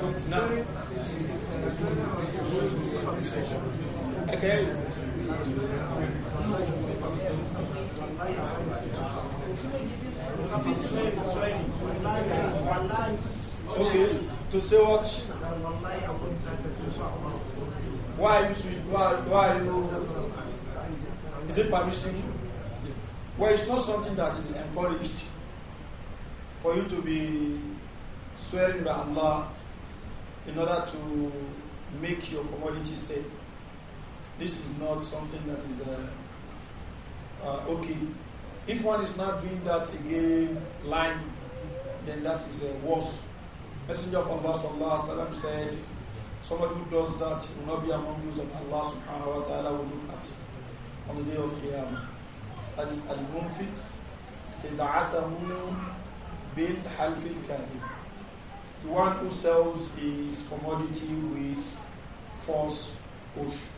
Okay. Okay, to say what? Why are you sweet? Why, why are you. Is it permissible? Yes. Well, it's not something that is encouraged for you to be swearing by Allah in order to make your commodity safe. This is not something that is uh, uh, okay. If one is not doing that again, lying, then that is uh, worse. Messenger of Allah sallallahu alaihi wasallam said, "Somebody who does that will not be among those that Allah subhanahu wa taala will look at on the day of Qiyamah." That is al-munfiq, silatahu bil halfil the one who sells his commodity with false oath.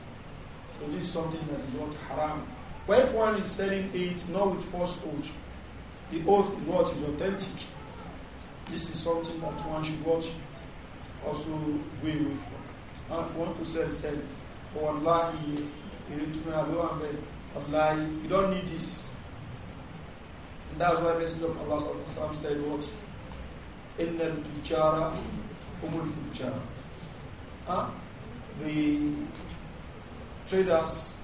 So this is something that is not haram. But if one is selling it not with false oath, the oath is what is authentic. This is something that one should watch also weigh with. And if you want to sell, self, oh Allah, you don't need this. And that's why Messenger of Allah said what? إن التجار هم الفجار the traders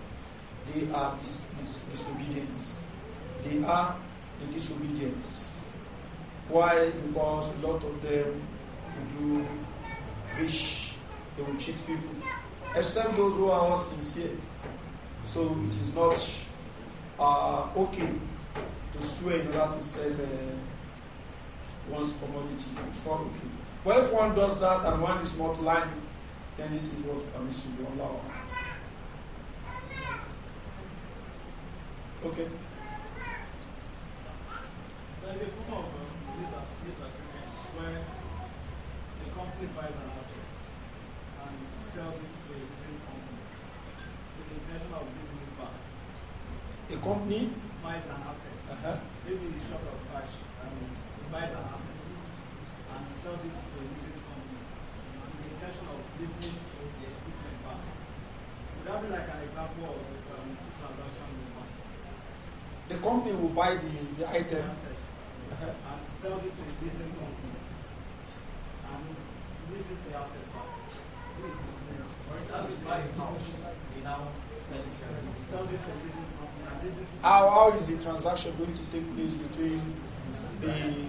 they are dis dis disobedient they are the disobedient why because a lot of them do wish they will cheat people except those who are not sincere so it is not uh, okay to swear in order to sell uh, one's commodity. It's not okay. But if one does that and one is not lying, then this is what permissible. Allah. Okay. There's a form of um, disagreement where a company buys an asset and sells it to a leasing company with the intention of leasing it back. A company buys an asset, uh -huh. maybe a shop of cash, and buys an asset sells it to a leasing company, the intention of leasing the equipment back. Would that be like an example of um, transaction The company will buy the, the item Assets, yes. and sell it to a leasing company. And this is the asset back. How, how is the transaction going to take place between the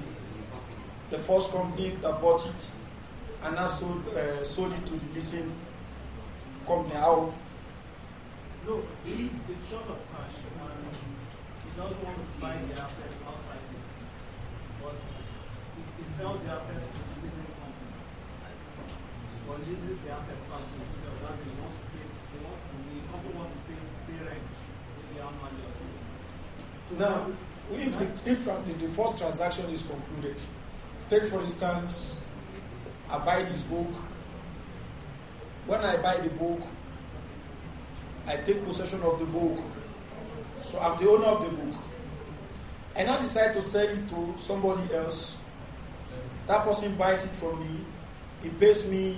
the first company that bought it and now sold, uh, sold it to the leasing company. How? No, he's short of cash and he doesn't want to buy the asset outright. But he sells the asset to the leasing company. But this is the asset company itself. That's the most place to so the company wants to pay, rent so Now, if, the, if the first transaction is concluded, Take for instance, I buy this book. When I buy the book, I take possession of the book. So I'm the owner of the book. And I decide to sell it to somebody else. That person buys it from me. He pays me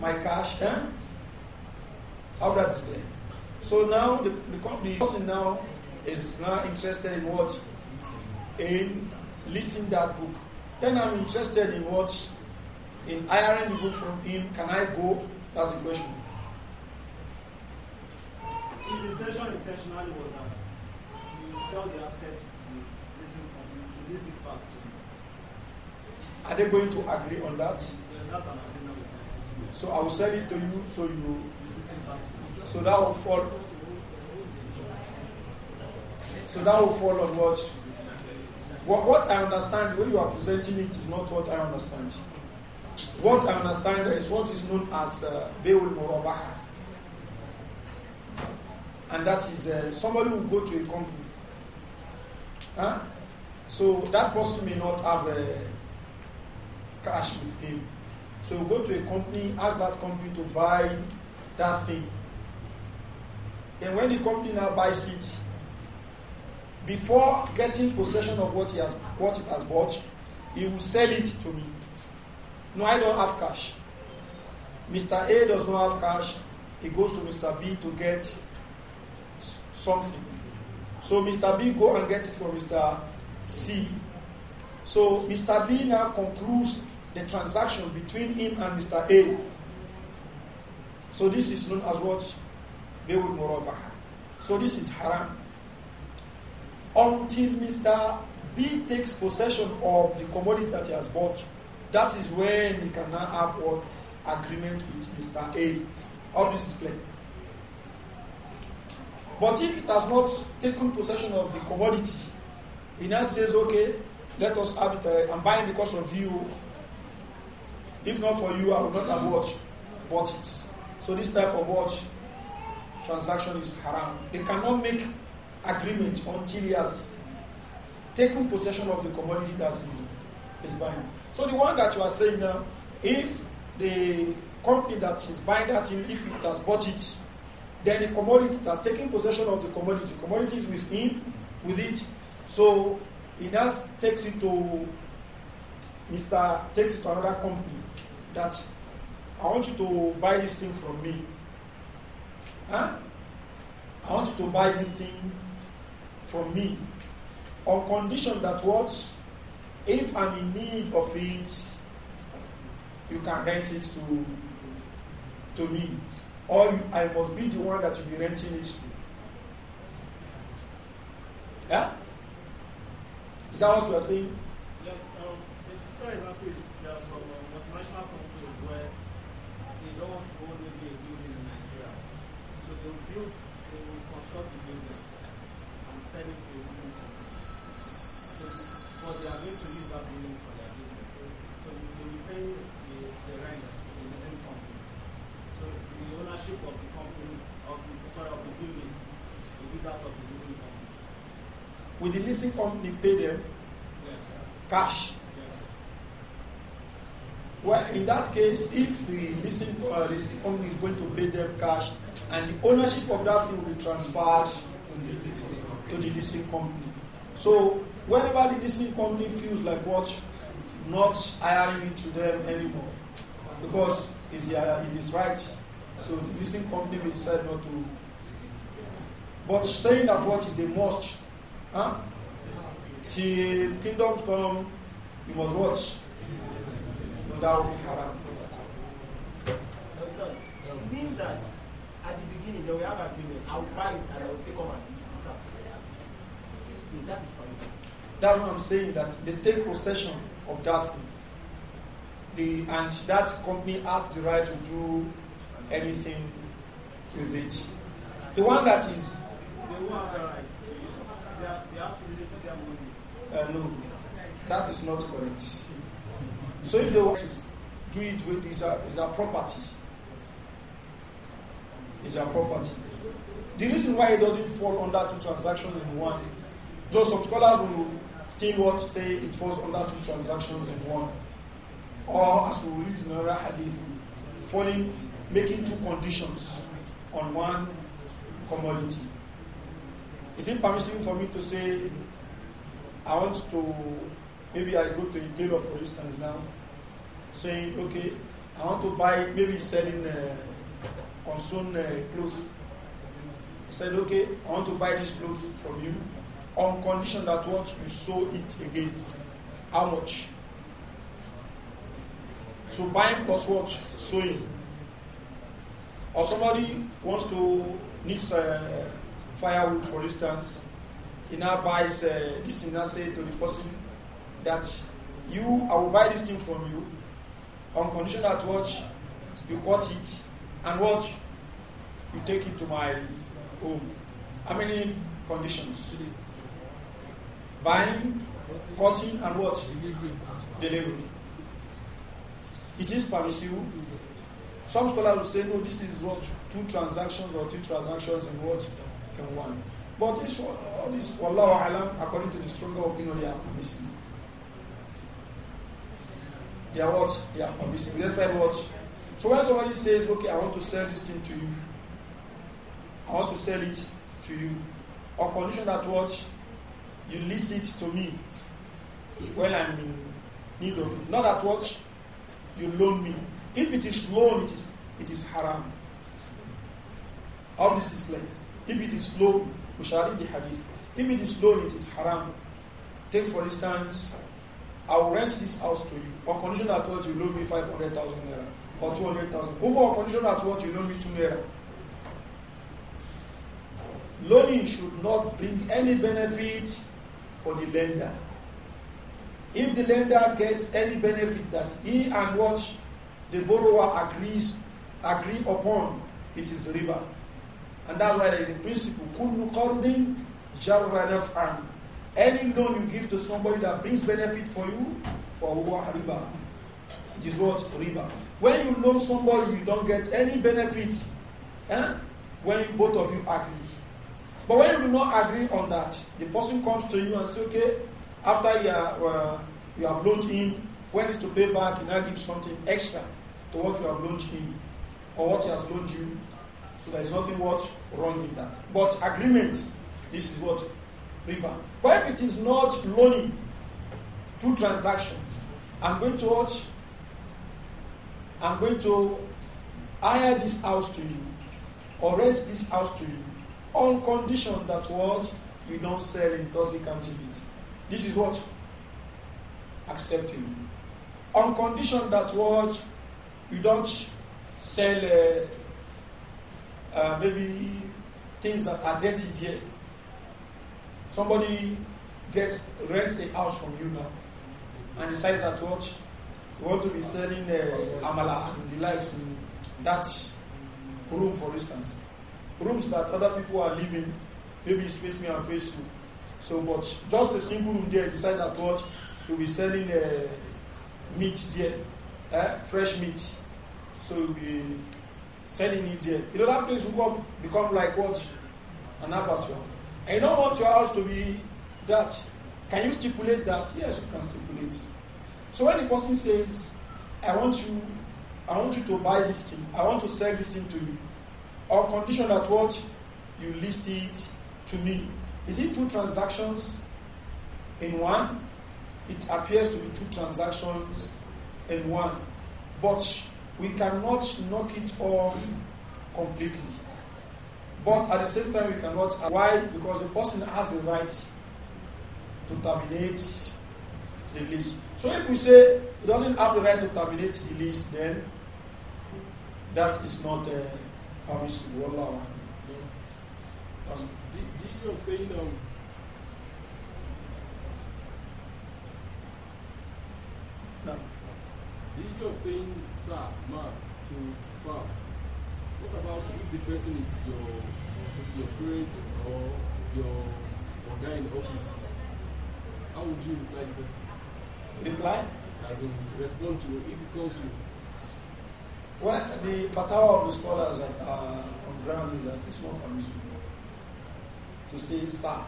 my cash. Eh? How that is clear. So now the, the, person now is now interested in what? In leasing that book. Then I'm interested in what? In hiring the book from him. Can I go? That's the question. His intention intentionally was that you sell the asset to the leasing company to lease it Are they going to agree on that? Yes, that's an So I will sell it to you so you. So that will fall. So that will fall on what? What, what I understand, the way you are presenting it, is not what I understand. What I understand is what is known as uh, Beul Murabaha. And that is uh, somebody will go to a company. Huh? So that person may not have uh, cash with him. So go to a company, ask that company to buy that thing. Then when the company now buys it, before getting possession of what he has what it has bought, he will sell it to me. No, I don't have cash. Mr. A does not have cash. He goes to Mr. B to get something. So Mr. B go and get it from Mr. C. So Mr. B now concludes the transaction between him and Mr. A. So this is known as what? Bewul Murabaha. So this is haram until Mr. B takes possession of the commodity that he has bought. That is when he can now have what agreement with Mr. A. All this is clear. But if it has not taken possession of the commodity, he now says, okay, let us have it. Uh, I'm buying because of you. If not for you, I would not have bought Bought it. So this type of what? Transaction is haram. They cannot make agreement until he has taken possession of the commodity that is buying. So the one that you are saying now, if the company that is buying that thing, if it has bought it, then the commodity it has taken possession of the commodity. Commodity is with him, with it. So he now takes it to Mr. takes it to another company that I want you to buy this thing from me. Huh? I want you to buy this thing from me on condition that what if I'm in need of it, you can rent it to to me, or you, I must be the one that you'll be renting it to. Yeah? Is that what you are saying? Yes. Um, Will the leasing company pay them yes. cash? Yes. Well, in that case, if the leasing, uh, leasing company is going to pay them cash, and the ownership of that thing will be transferred to the leasing company. So whenever the leasing company feels like what not hiring it to them anymore because it's, their, it's his right. So the leasing company will decide not to. But saying that what is a must Huh? Till kingdoms come, you must watch. No, that will be haram. it means that at the beginning they will have agreement. I will buy it and I will say, come and list That is permissible. That's what I'm saying, that they take possession of that thing. The, and that company has the right to do anything with it. The one that is. The one that is have, to Uh, no, that is not correct. So if they want to do it with is a, uh, is a property, is a property. The reason why it doesn't fall under two transactions in one, though some scholars will still to say it falls under two transactions in one, or as we read in another hadith, falling, making two conditions on one commodity. Is it permissible for me to say, I want to, maybe I go to a for instance, now, saying, okay, I want to buy, maybe selling uh, consume uh, clothes. I said, okay, I want to buy this clothes from you on condition that what you sew it again, how much? So buying plus what? Sewing. Or somebody wants to needs uh, firewood, for instance, he now buys uh, this thing, now say to the person that you, I will buy this thing from you on condition that what you cut it and what you take it to my home. How many conditions? Buying, cutting, and what? Delivery. Is this permissible? Some scholars will say, no, this is what two transactions or three transactions in what one. But this, all this, wallahu alam, according to the stronger opinion, they are permissible. They are what? They are Let's Despite what? So when somebody says, okay, I want to sell this thing to you, I want to sell it to you, on condition that what? You lease it to me when I'm in need of it. Not that what? You loan me. If it is loan, it is, it is haram. All this is clear. If it is low, we shall read the hadith. If it is low, it is haram. Take for instance, I will rent this house to you. On condition that what you loan me 500,000 naira or 200,000. Over on condition that what you loan me 2 naira. Loaning should not bring any benefit for the lender. If the lender gets any benefit that he and what the borrower agrees agree upon, it is riba. And that's why there is a principle, kullu qardin jarra naf'an. Any loan you give to somebody that brings benefit for you, for huwa riba. It is what? Riba. When you loan somebody, you don't get any benefit eh? when you, both of you agree. But when you do not agree on that, the person comes to you and says, okay, after you, are, uh, you have loaned him, when is to pay back, he now give something extra to what you have loaned him or what he has loaned you. So there is nothing wrong in that. But agreement, this is what riba. But if it is not loaning, two transactions, I'm going to I'm going to hire this house to you or rent this house to you on condition that what you don't sell in toxicant This is what accepting On condition that what you don't sell uh, uh, maybe things that are dirty there. Somebody gets rents a house from you now and decides that what you want to be selling uh, amala and the likes in that room, for instance. Rooms that other people are living, maybe it's face me and face you. So, but just a single room there decides that what you'll be selling uh, meat there, uh, fresh meat. So you'll be selling it there. You know that place will become like what? An abattoir. And you don't want your house to be that. Can you stipulate that? Yes, you can stipulate. So when the person says, I want you, I want you to buy this thing, I want to sell this thing to you, on condition that what you lease it to me. Is it two transactions in one? It appears to be two transactions in one. But we cannot knock it off completely. But at the same time, we cannot. Uh, why? Because the person has the right to terminate the lease. So if we say he doesn't have the right to terminate the lease, then that is not a uh, permissible. Wallah. did, you say um, The issue of saying sir, ma, to far. What about if the person is your your parent or your guy in office? How would you reply the person? Reply? As in respond to if he calls you. Well, the fatwa of the scholars that are on ground is that it's not permissible to say sir,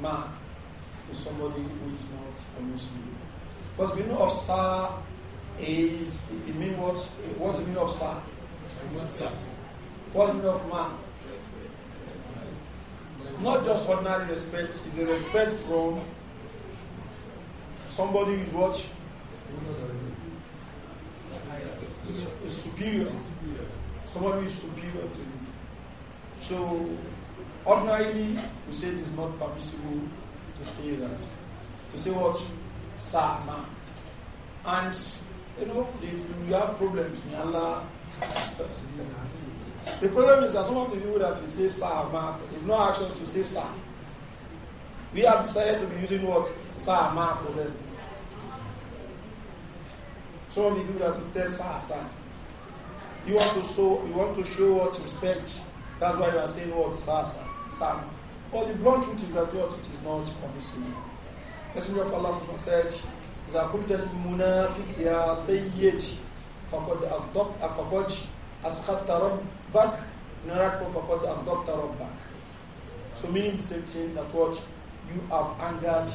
ma, to somebody who is not a Muslim. Because we know of sir is it mean what what's the meaning of sa? What's the meaning of man? Not just ordinary respect, it's a respect from somebody who is a superior. Somebody who is superior to you. So ordinarily we say it is not permissible to say that. To say what? Sa man, And you know, they, we have problems. with Allah sisters. The problem is that some of the people that we say sir, ma, if have no actions to say sir. We have decided to be using what sir, ma for them. Some of the people that we tell sir, sir. You want to show, you want to show what respect. That's why you are saying what sir, sir, sir. But the blunt truth is that what it is not obviously. Messenger of Allah said. إذا قلت المنافق يا سيد فقد أغضبت فقد أسخطت ربك نراك فقد أغضبت ربك So meaning the same thing that what you have angered.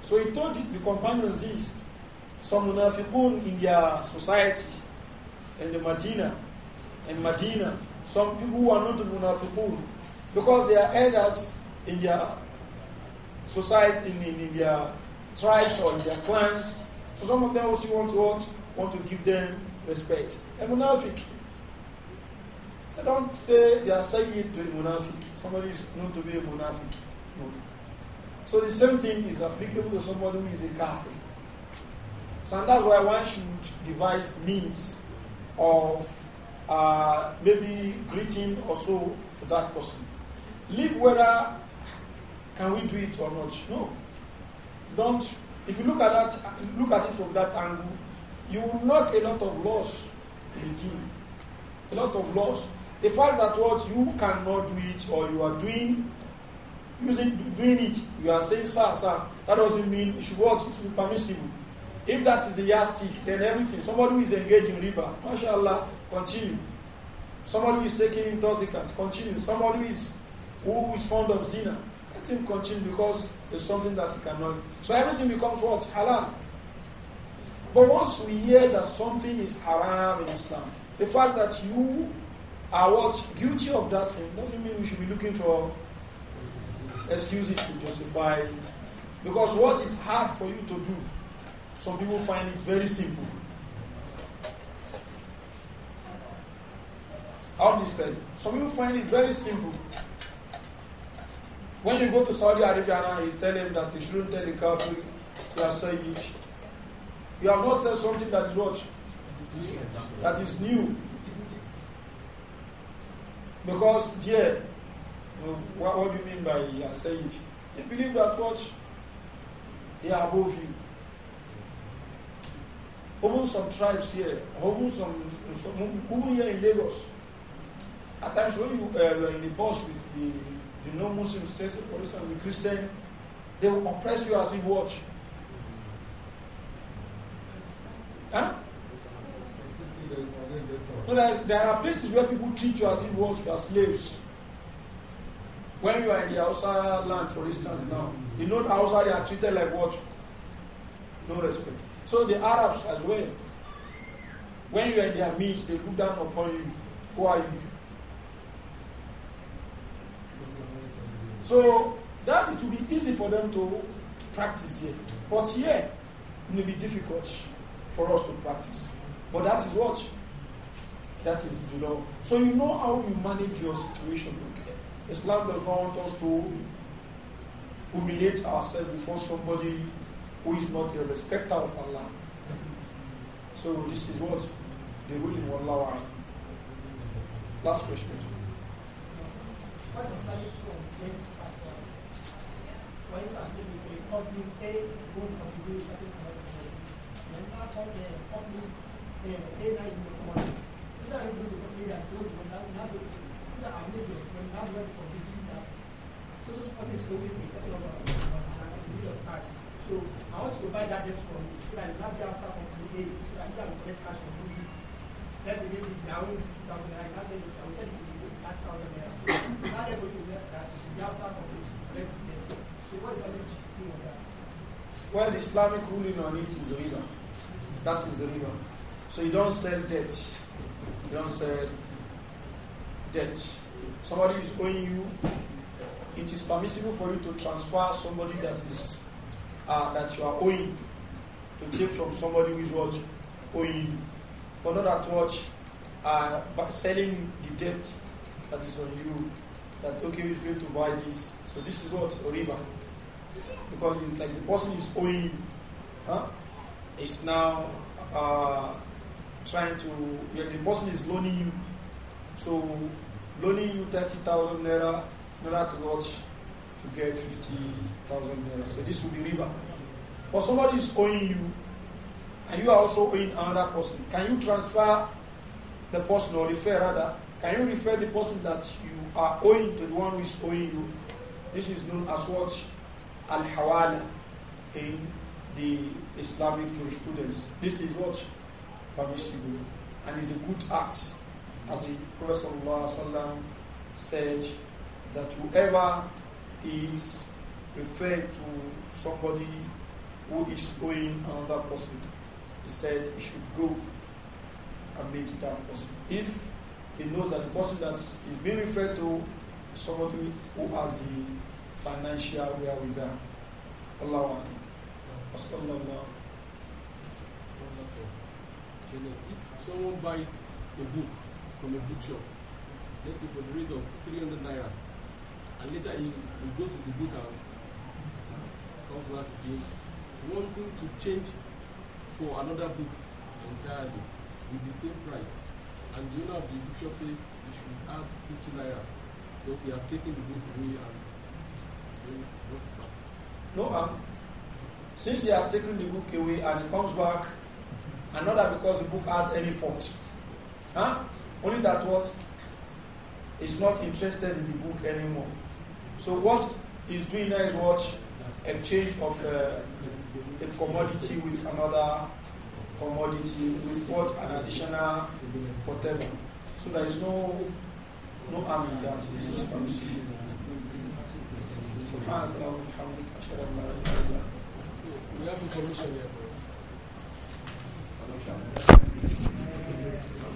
So he told the companions this. Some munafiqun in their society, in the Medina, in Medina, some people who are not munafiqun, because they are elders in their society, in, in, in their tribes or in their clans. So some of them also want to want, want to give them respect. A munafiq. So don't say they are saying to a munafiq. Somebody is known to be a munafiq. No. So the same thing is applicable to somebody who is a kafir. So and that's why one should devise means of uh, maybe greeting or so to that person. Leave whether can we do it or not? No. Don't. If you look at that, look at it from that angle, you will knock a lot of laws in the team. A lot of laws. The fact that what you cannot do it or you are doing using doing it, you are saying sir, sir, that doesn't mean it should what it should be permissible. If that is a yastik, then everything. Somebody who is engaged in riba, mashallah, continue. Somebody who is taking intoxicant, continue. Somebody who is who is fond of zina, thing continue because it's something that he cannot. So everything becomes what? Halal. But once we hear that something is haram in Islam, the fact that you are what? Guilty of that thing doesn't mean we should be looking for excuses to justify. Because what is hard for you to do, some people find it very simple. I'll Some people find it very simple. When you go to Saudi Arabia now, he's telling them that they shouldn't tell the kafir they are Sayyid. You have not said something that is what? That is new. Because dear, what, what do you mean by you are Sayyid? They believe that what? They are above you. Even some tribes here, even some, some even here in Lagos. At times when you uh, in the bus with the the non-Muslim says, for instance, the Christian, they will oppress you as if watch. Huh? No, there are places where people treat you as if watch, You are slaves. When you are in the outside land, for instance, now, the non outside they are treated like what? No respect. So the Arabs as well, when you are in their midst, they look down upon you. Who are you? So that it will be easy for them to practice here. But here, it will be difficult for us to practice. But that is what? That is the law. So you know how you manage your situation. Okay? Islam does not want us to humiliate ourselves before somebody who is not a respecter of Allah. So this is what the ruling of Allah. Last question linked platform. For example, if a company A goes up to a certain commodity, then after the company the in the commodity, since I do the company that when that has a when that web company sees that social support is going to be a certain of cash. So I want to buy that debt from you so that you have the after company A so that you can collect cash from you. Let's say maybe now 50,000 naira, I can send it, I will send it to you, that's 1,000 So they're going to well, the Islamic ruling on it is riba. That is riba. So you don't sell debt. You don't sell debt. Somebody is owing you. It is permissible for you to transfer somebody that is uh, that you are owing to take from somebody who is what owing you, but not at what uh, selling the debt that is on you that okay he's going to buy this. So this is what Oriba. Because it's like the person is owing huh? It's now uh, trying to yeah, the person is loaning you. So loaning you thirty thousand naira in to watch to get fifty thousand naira. So this will be riba. But somebody is owing you and you are also owing another person. Can you transfer the person or refer rather? Can you refer the person that you are owing to the one who is owing you. This is known as what? Al Hawala in the Islamic jurisprudence. This is what? Permissible. And is a good act. As the Prophet said, that whoever is referred to somebody who is owing another person, he said he should go and meet that person. If he knows that the person that is being referred to is somebody who has the financial wherewithal. Allah Wasallam. If someone buys a book from a bookshop, let's say for the rate of 300 naira, and later he, he goes to the book and comes back again, wanting to change for another book entirely with the same price, and the owner of the bookshop says he should have 50 naira because he has taken the book away and brought it back. No Um, since he has taken the book away and it comes back, and not that because the book has any fault. Huh? Only that what is not interested in the book anymore. So what he's doing now is what exchange of uh, a commodity with another commodity with what an additional whatever. So there is no no harm in that. This is We have information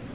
here.